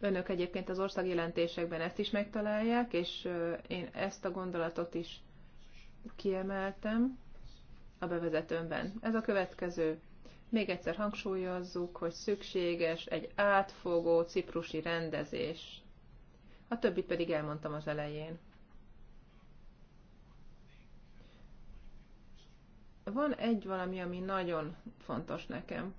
Önök egyébként az országjelentésekben ezt is megtalálják, és én ezt a gondolatot is kiemeltem a bevezetőmben. Ez a következő. Még egyszer hangsúlyozzuk, hogy szükséges egy átfogó ciprusi rendezés. A többit pedig elmondtam az elején. van egy valami, ami nagyon fontos nekem.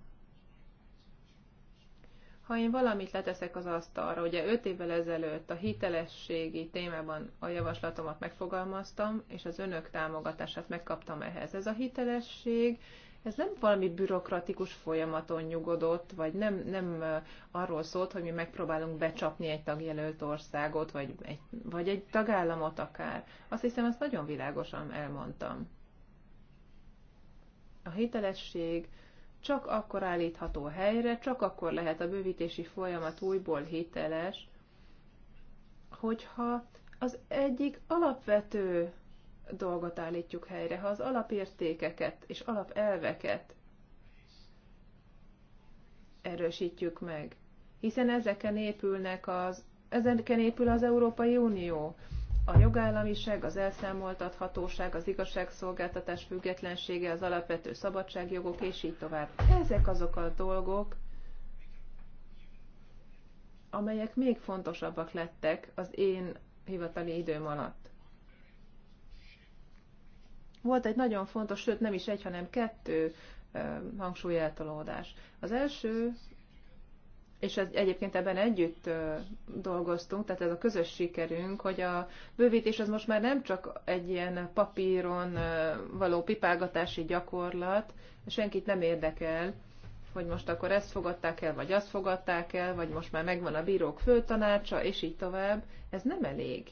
Ha én valamit leteszek az asztalra, ugye 5 évvel ezelőtt a hitelességi témában a javaslatomat megfogalmaztam, és az önök támogatását megkaptam ehhez. Ez a hitelesség, ez nem valami bürokratikus folyamaton nyugodott, vagy nem, nem arról szólt, hogy mi megpróbálunk becsapni egy tagjelölt országot, vagy egy, vagy egy tagállamot akár. Azt hiszem, ezt nagyon világosan elmondtam. A hitelesség csak akkor állítható helyre, csak akkor lehet a bővítési folyamat újból hiteles, hogyha az egyik alapvető dolgot állítjuk helyre, ha az alapértékeket és alapelveket erősítjük meg. Hiszen ezeken épülnek az, ezeken épül az Európai Unió a jogállamiság, az elszámoltathatóság, az igazságszolgáltatás függetlensége, az alapvető szabadságjogok, és így tovább. Ezek azok a dolgok, amelyek még fontosabbak lettek az én hivatali időm alatt. Volt egy nagyon fontos, sőt nem is egy, hanem kettő hangsúlyeltolódás. Az első és ez, egyébként ebben együtt dolgoztunk, tehát ez a közös sikerünk, hogy a bővítés az most már nem csak egy ilyen papíron való pipálgatási gyakorlat, senkit nem érdekel, hogy most akkor ezt fogadták el, vagy azt fogadták el, vagy most már megvan a bírók főtanácsa, és így tovább. Ez nem elég.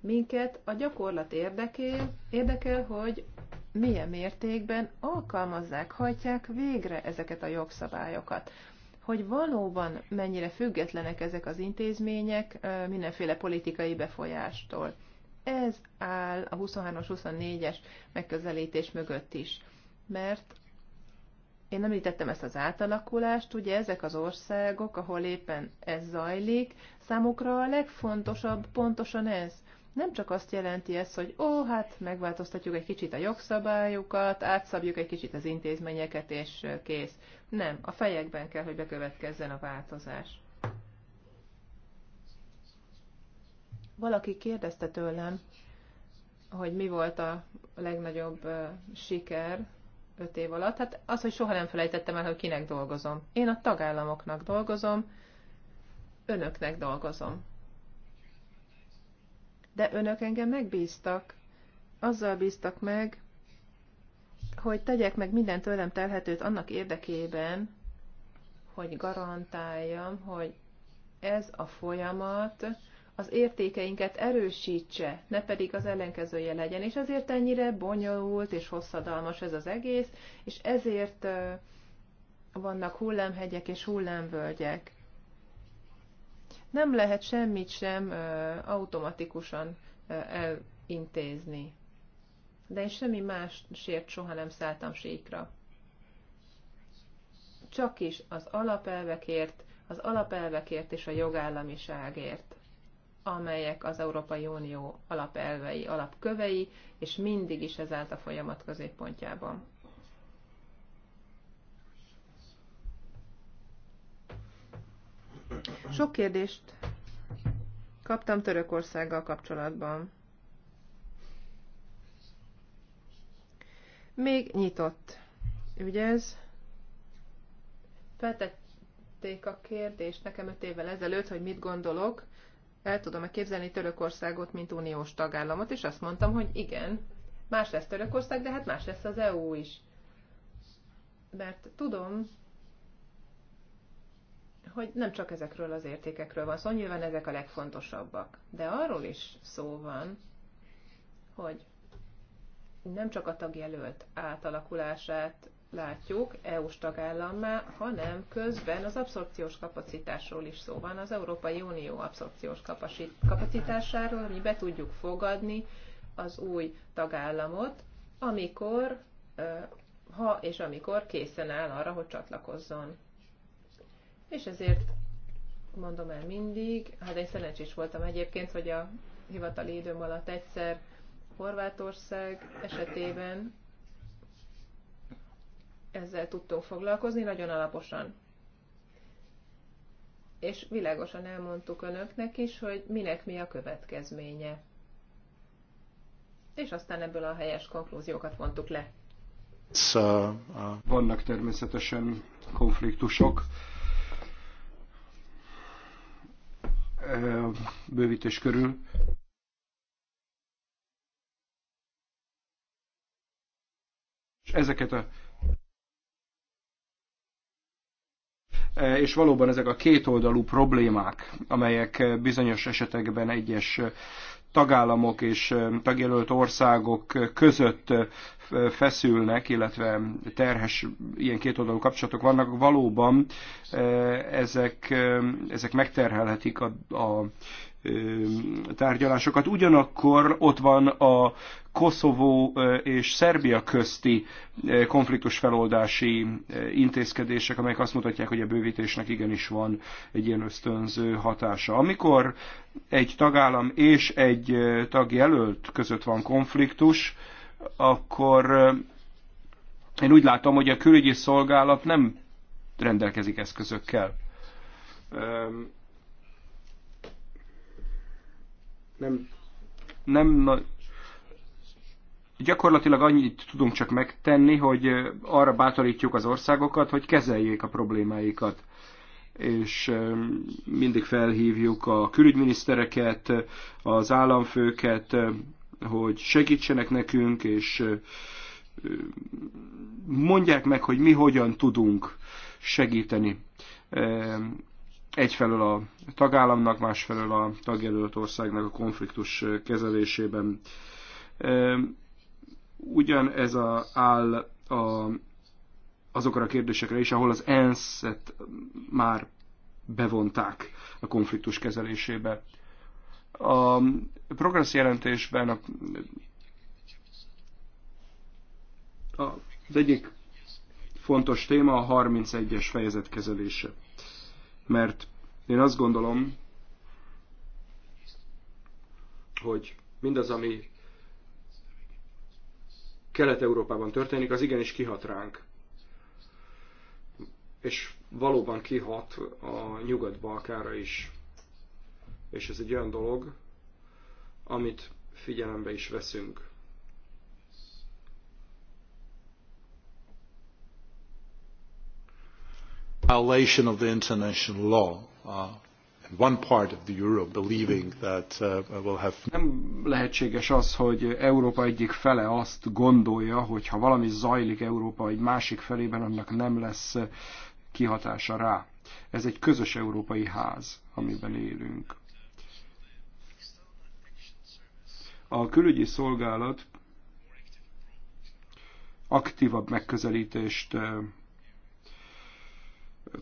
Minket a gyakorlat érdekel, érdekel, hogy milyen mértékben alkalmazzák, hajtják végre ezeket a jogszabályokat hogy valóban mennyire függetlenek ezek az intézmények mindenféle politikai befolyástól. Ez áll a 23-as, 24-es megközelítés mögött is, mert én említettem ezt az átalakulást, ugye ezek az országok, ahol éppen ez zajlik, számukra a legfontosabb pontosan ez, nem csak azt jelenti ez, hogy ó, hát megváltoztatjuk egy kicsit a jogszabályokat, átszabjuk egy kicsit az intézményeket, és kész. Nem, a fejekben kell, hogy bekövetkezzen a változás. Valaki kérdezte tőlem, hogy mi volt a legnagyobb siker öt év alatt. Hát az, hogy soha nem felejtettem el, hogy kinek dolgozom. Én a tagállamoknak dolgozom, önöknek dolgozom de önök engem megbíztak. Azzal bíztak meg, hogy tegyek meg minden tőlem telhetőt annak érdekében, hogy garantáljam, hogy ez a folyamat az értékeinket erősítse, ne pedig az ellenkezője legyen. És azért ennyire bonyolult és hosszadalmas ez az egész, és ezért vannak hullámhegyek és hullámvölgyek. Nem lehet semmit sem automatikusan elintézni. De én semmi másért soha nem szálltam síkra. Csak is az alapelvekért, az alapelvekért és a jogállamiságért amelyek az Európai Unió alapelvei, alapkövei, és mindig is ez állt a folyamat középpontjában. Sok kérdést kaptam Törökországgal kapcsolatban. Még nyitott. Ugye ez? Feltették a kérdést nekem öt évvel ezelőtt, hogy mit gondolok. El tudom-e képzelni Törökországot, mint uniós tagállamot, és azt mondtam, hogy igen. Más lesz Törökország, de hát más lesz az EU is. Mert tudom, hogy nem csak ezekről az értékekről van szó, szóval nyilván ezek a legfontosabbak, de arról is szó van, hogy nem csak a tagjelölt átalakulását látjuk EU-s tagállammá, hanem közben az abszorpciós kapacitásról is szó van, az Európai Unió abszorpciós kapacitásáról, hogy be tudjuk fogadni az új tagállamot, amikor, ha és amikor készen áll arra, hogy csatlakozzon és ezért mondom el mindig, hát én szerencsés voltam egyébként, hogy a hivatali időm alatt egyszer Horvátország esetében ezzel tudtunk foglalkozni nagyon alaposan. És világosan elmondtuk önöknek is, hogy minek mi a következménye. És aztán ebből a helyes konklúziókat vontuk le. Szóval, Vannak természetesen konfliktusok, bővítés körül. És ezeket a és valóban ezek a kétoldalú problémák, amelyek bizonyos esetekben egyes tagállamok és tagjelölt országok között feszülnek, illetve terhes ilyen kétoldalú kapcsolatok vannak, valóban ezek, ezek megterhelhetik a, a tárgyalásokat. Ugyanakkor ott van a Koszovó és Szerbia közti konfliktus feloldási intézkedések, amelyek azt mutatják, hogy a bővítésnek igenis van egy ilyen ösztönző hatása. Amikor egy tagállam és egy tagjelölt között van konfliktus, akkor én úgy látom, hogy a külügyi szolgálat nem rendelkezik eszközökkel nem, nem na, gyakorlatilag annyit tudunk csak megtenni, hogy arra bátorítjuk az országokat, hogy kezeljék a problémáikat és mindig felhívjuk a külügyminisztereket, az államfőket, hogy segítsenek nekünk, és mondják meg, hogy mi hogyan tudunk segíteni egyfelől a tagállamnak, másfelől a tagjelölt országnak a konfliktus kezelésében. Ugyan ez a, áll a, azokra a kérdésekre is, ahol az ENSZ-et már bevonták a konfliktus kezelésébe. A progressz jelentésben a, a, az egyik fontos téma a 31-es fejezet kezelése mert én azt gondolom, hogy mindaz, ami Kelet-Európában történik, az igenis kihat ránk. És valóban kihat a Nyugat-Balkára is. És ez egy olyan dolog, amit figyelembe is veszünk. violation of the international law. Uh, one part of the believing that uh, will have... Nem lehetséges az, hogy Európa egyik fele azt gondolja, hogy ha valami zajlik Európa egy másik felében, annak nem lesz uh, kihatása rá. Ez egy közös európai ház, amiben élünk. A külügyi szolgálat aktívabb megközelítést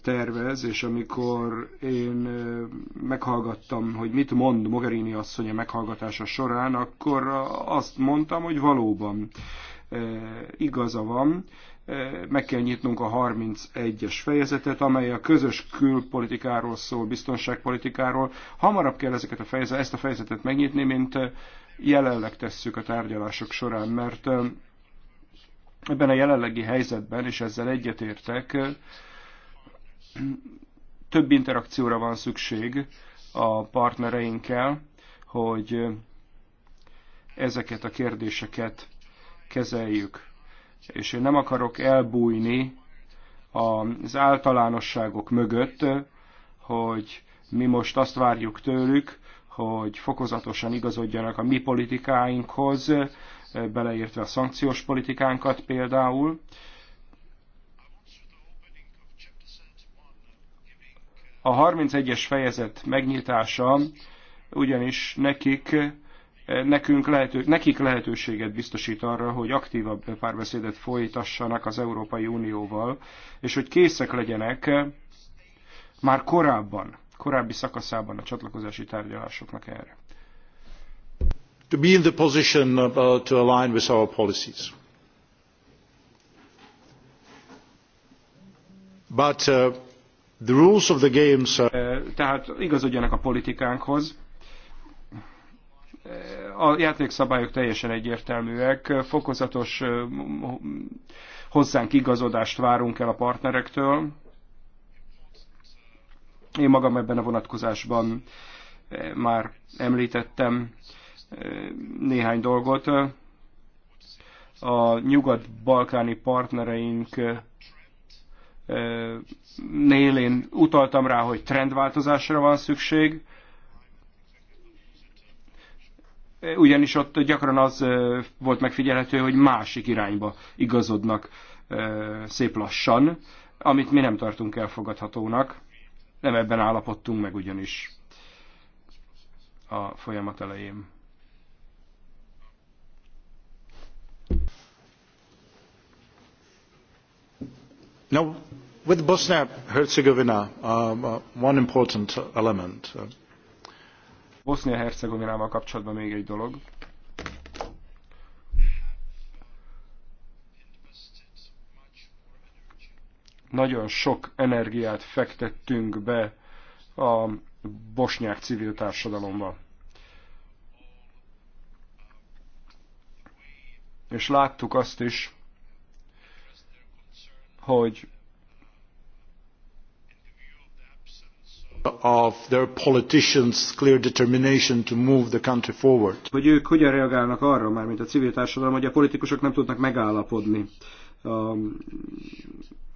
tervez, és amikor én meghallgattam, hogy mit mond Mogherini asszony a meghallgatása során, akkor azt mondtam, hogy valóban igaza van, meg kell nyitnunk a 31-es fejezetet, amely a közös külpolitikáról szól, biztonságpolitikáról. Hamarabb kell ezeket a fejezet, ezt a fejezetet megnyitni, mint jelenleg tesszük a tárgyalások során, mert ebben a jelenlegi helyzetben, és ezzel egyetértek, több interakcióra van szükség a partnereinkkel, hogy ezeket a kérdéseket kezeljük. És én nem akarok elbújni az általánosságok mögött, hogy mi most azt várjuk tőlük, hogy fokozatosan igazodjanak a mi politikáinkhoz, beleértve a szankciós politikánkat például, A 31-es fejezet megnyitása ugyanis nekik eh, nekünk lehető, nekik lehetőséget biztosít arra, hogy aktívabb párbeszédet folytassanak az Európai Unióval, és hogy készek legyenek már korábban, korábbi szakaszában a csatlakozási tárgyalásoknak erre. To be in the position uh, uh, to align with our policies. But uh, The rules of the game, sir. Tehát igazodjanak a politikánkhoz. A játékszabályok teljesen egyértelműek, fokozatos hozzánk igazodást várunk el a partnerektől. Én magam ebben a vonatkozásban már említettem néhány dolgot. A nyugat-balkáni partnereink nél én utaltam rá, hogy trendváltozásra van szükség, ugyanis ott gyakran az volt megfigyelhető, hogy másik irányba igazodnak szép lassan, amit mi nem tartunk elfogadhatónak. Nem ebben állapodtunk meg ugyanis a folyamat elején. Now, with Bosnia Herzegovina um, uh, uh, one important element. Uh, Bosnia Herzegovinával kapcsolatban még egy dolog. Nagyon sok energiát fektettünk be a bosnyák civil társadalomba. És láttuk azt is, hogy of their politicians' clear determination to move the country forward. Hogy ők hogyan reagálnak arra, már mint a civil társadalom, hogy a politikusok nem tudnak megállapodni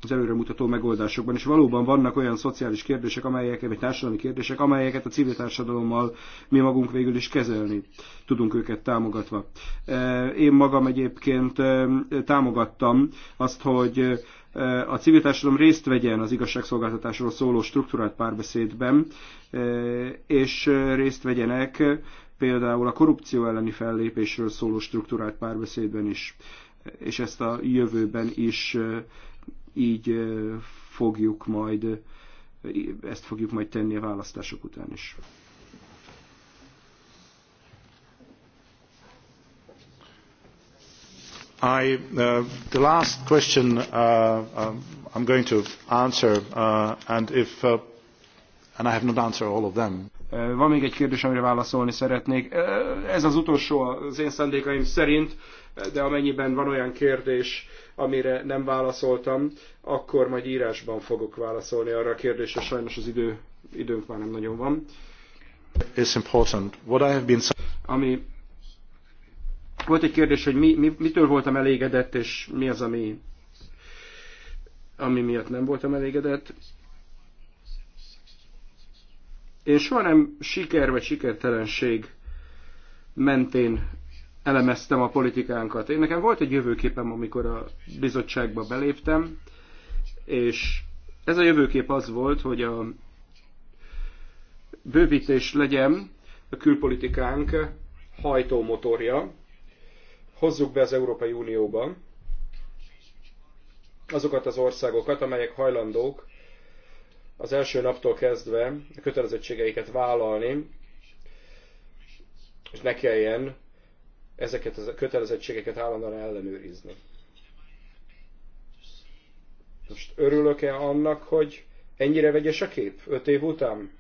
az előremutató megoldásokban. És valóban vannak olyan szociális kérdések, amelyek, vagy társadalmi kérdések, amelyeket a civil társadalommal mi magunk végül is kezelni tudunk őket támogatva. Eh, én magam egyébként eh, támogattam azt, hogy a civil társadalom részt vegyen az igazságszolgáltatásról szóló struktúrált párbeszédben, és részt vegyenek például a korrupció elleni fellépésről szóló struktúrált párbeszédben is, és ezt a jövőben is így fogjuk majd, ezt fogjuk majd tenni a választások után is. Uh, the last question i uh, am um, going to answer, uh, and and I have not answered all of them. Van még egy kérdés, amire válaszolni szeretnék. Ez az utolsó az én szándékaim szerint, de amennyiben van olyan kérdés, amire nem válaszoltam, akkor majd írásban fogok válaszolni arra a kérdésre. Sajnos az idő, időnk már nem nagyon van. It's important. What I have been... Ami volt egy kérdés, hogy mi, mi, mitől voltam elégedett, és mi az, ami, ami miatt nem voltam elégedett. Én soha nem siker vagy sikertelenség mentén elemeztem a politikánkat. Én nekem volt egy jövőképem, amikor a bizottságba beléptem, és ez a jövőkép az volt, hogy a bővítés legyen a külpolitikánk hajtómotorja, hozzuk be az Európai Unióba azokat az országokat, amelyek hajlandók az első naptól kezdve a kötelezettségeiket vállalni, és ne kelljen ezeket a kötelezettségeket állandóan ellenőrizni. Most örülök-e annak, hogy ennyire vegyes a kép öt év után?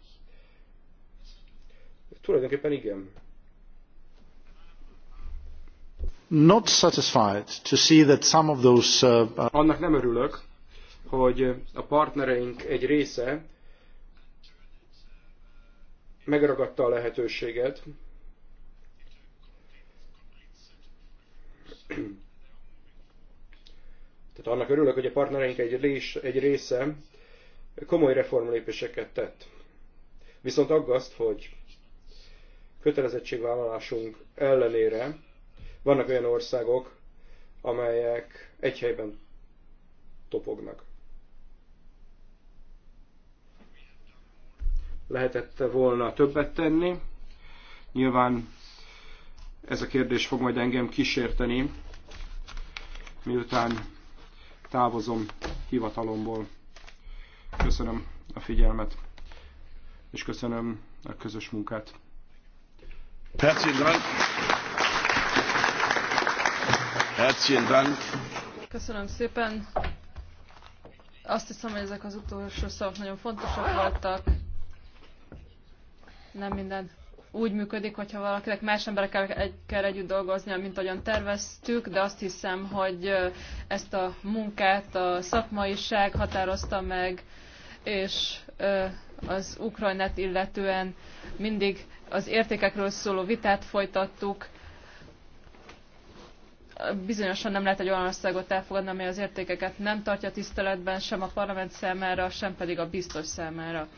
Tulajdonképpen igen not satisfied to see that some of those, uh, uh, Annak nem örülök, hogy a partnereink egy része megragadta a lehetőséget, tehát annak örülök, hogy a partnereink egy, rés, egy része komoly reformlépéseket tett. Viszont aggaszt, hogy kötelezettségvállalásunk ellenére vannak olyan országok, amelyek egy helyben topognak. Lehetett volna többet tenni. Nyilván ez a kérdés fog majd engem kísérteni, miután távozom hivatalomból. Köszönöm a figyelmet, és köszönöm a közös munkát. Herzlichen Dank. Köszönöm szépen. Azt hiszem, hogy ezek az utolsó szavak nagyon fontosak voltak. Nem minden úgy működik, hogyha valakinek más emberekkel egy, kell együtt dolgoznia, mint ahogyan terveztük, de azt hiszem, hogy ezt a munkát a szakmaiság határozta meg, és az Ukrajnát illetően mindig az értékekről szóló vitát folytattuk, bizonyosan nem lehet egy olyan országot elfogadni, amely az értékeket nem tartja tiszteletben, sem a parlament számára, sem pedig a biztos számára.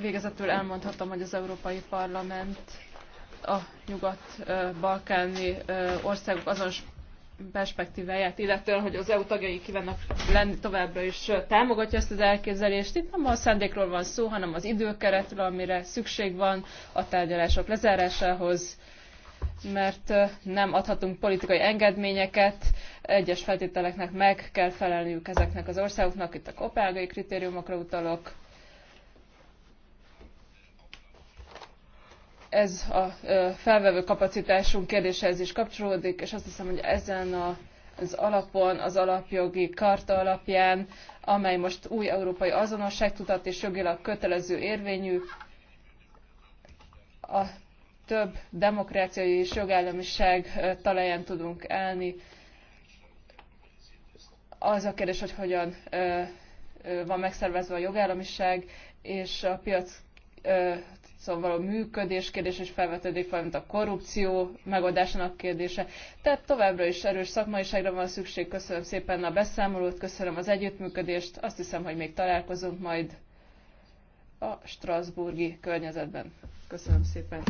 Végezetül elmondhatom, hogy az Európai Parlament a nyugat-balkáni országok azonos perspektíváját, illetően, hogy az EU tagjai kívánnak lenni továbbra is támogatja ezt az elképzelést. Itt nem a szándékról van szó, hanem az időkeretről, amire szükség van a tárgyalások lezárásához mert nem adhatunk politikai engedményeket, egyes feltételeknek meg kell felelniük ezeknek az országoknak, itt a kopenhágai kritériumokra utalok. Ez a felvevő kapacitásunk kérdésehez is kapcsolódik, és azt hiszem, hogy ezen a az alapon, az alapjogi karta alapján, amely most új európai azonosságtudat és jogilag kötelező érvényű, a több demokráciai és jogállamiság talaján tudunk állni. Az a kérdés, hogy hogyan van megszervezve a jogállamiság, és a piac szóval való működés kérdés is felvetődik, valamint a korrupció megoldásának kérdése. Tehát továbbra is erős szakmaiságra van szükség. Köszönöm szépen a beszámolót, köszönöm az együttműködést. Azt hiszem, hogy még találkozunk majd a Strasburgi környezetben. Köszönöm szépen!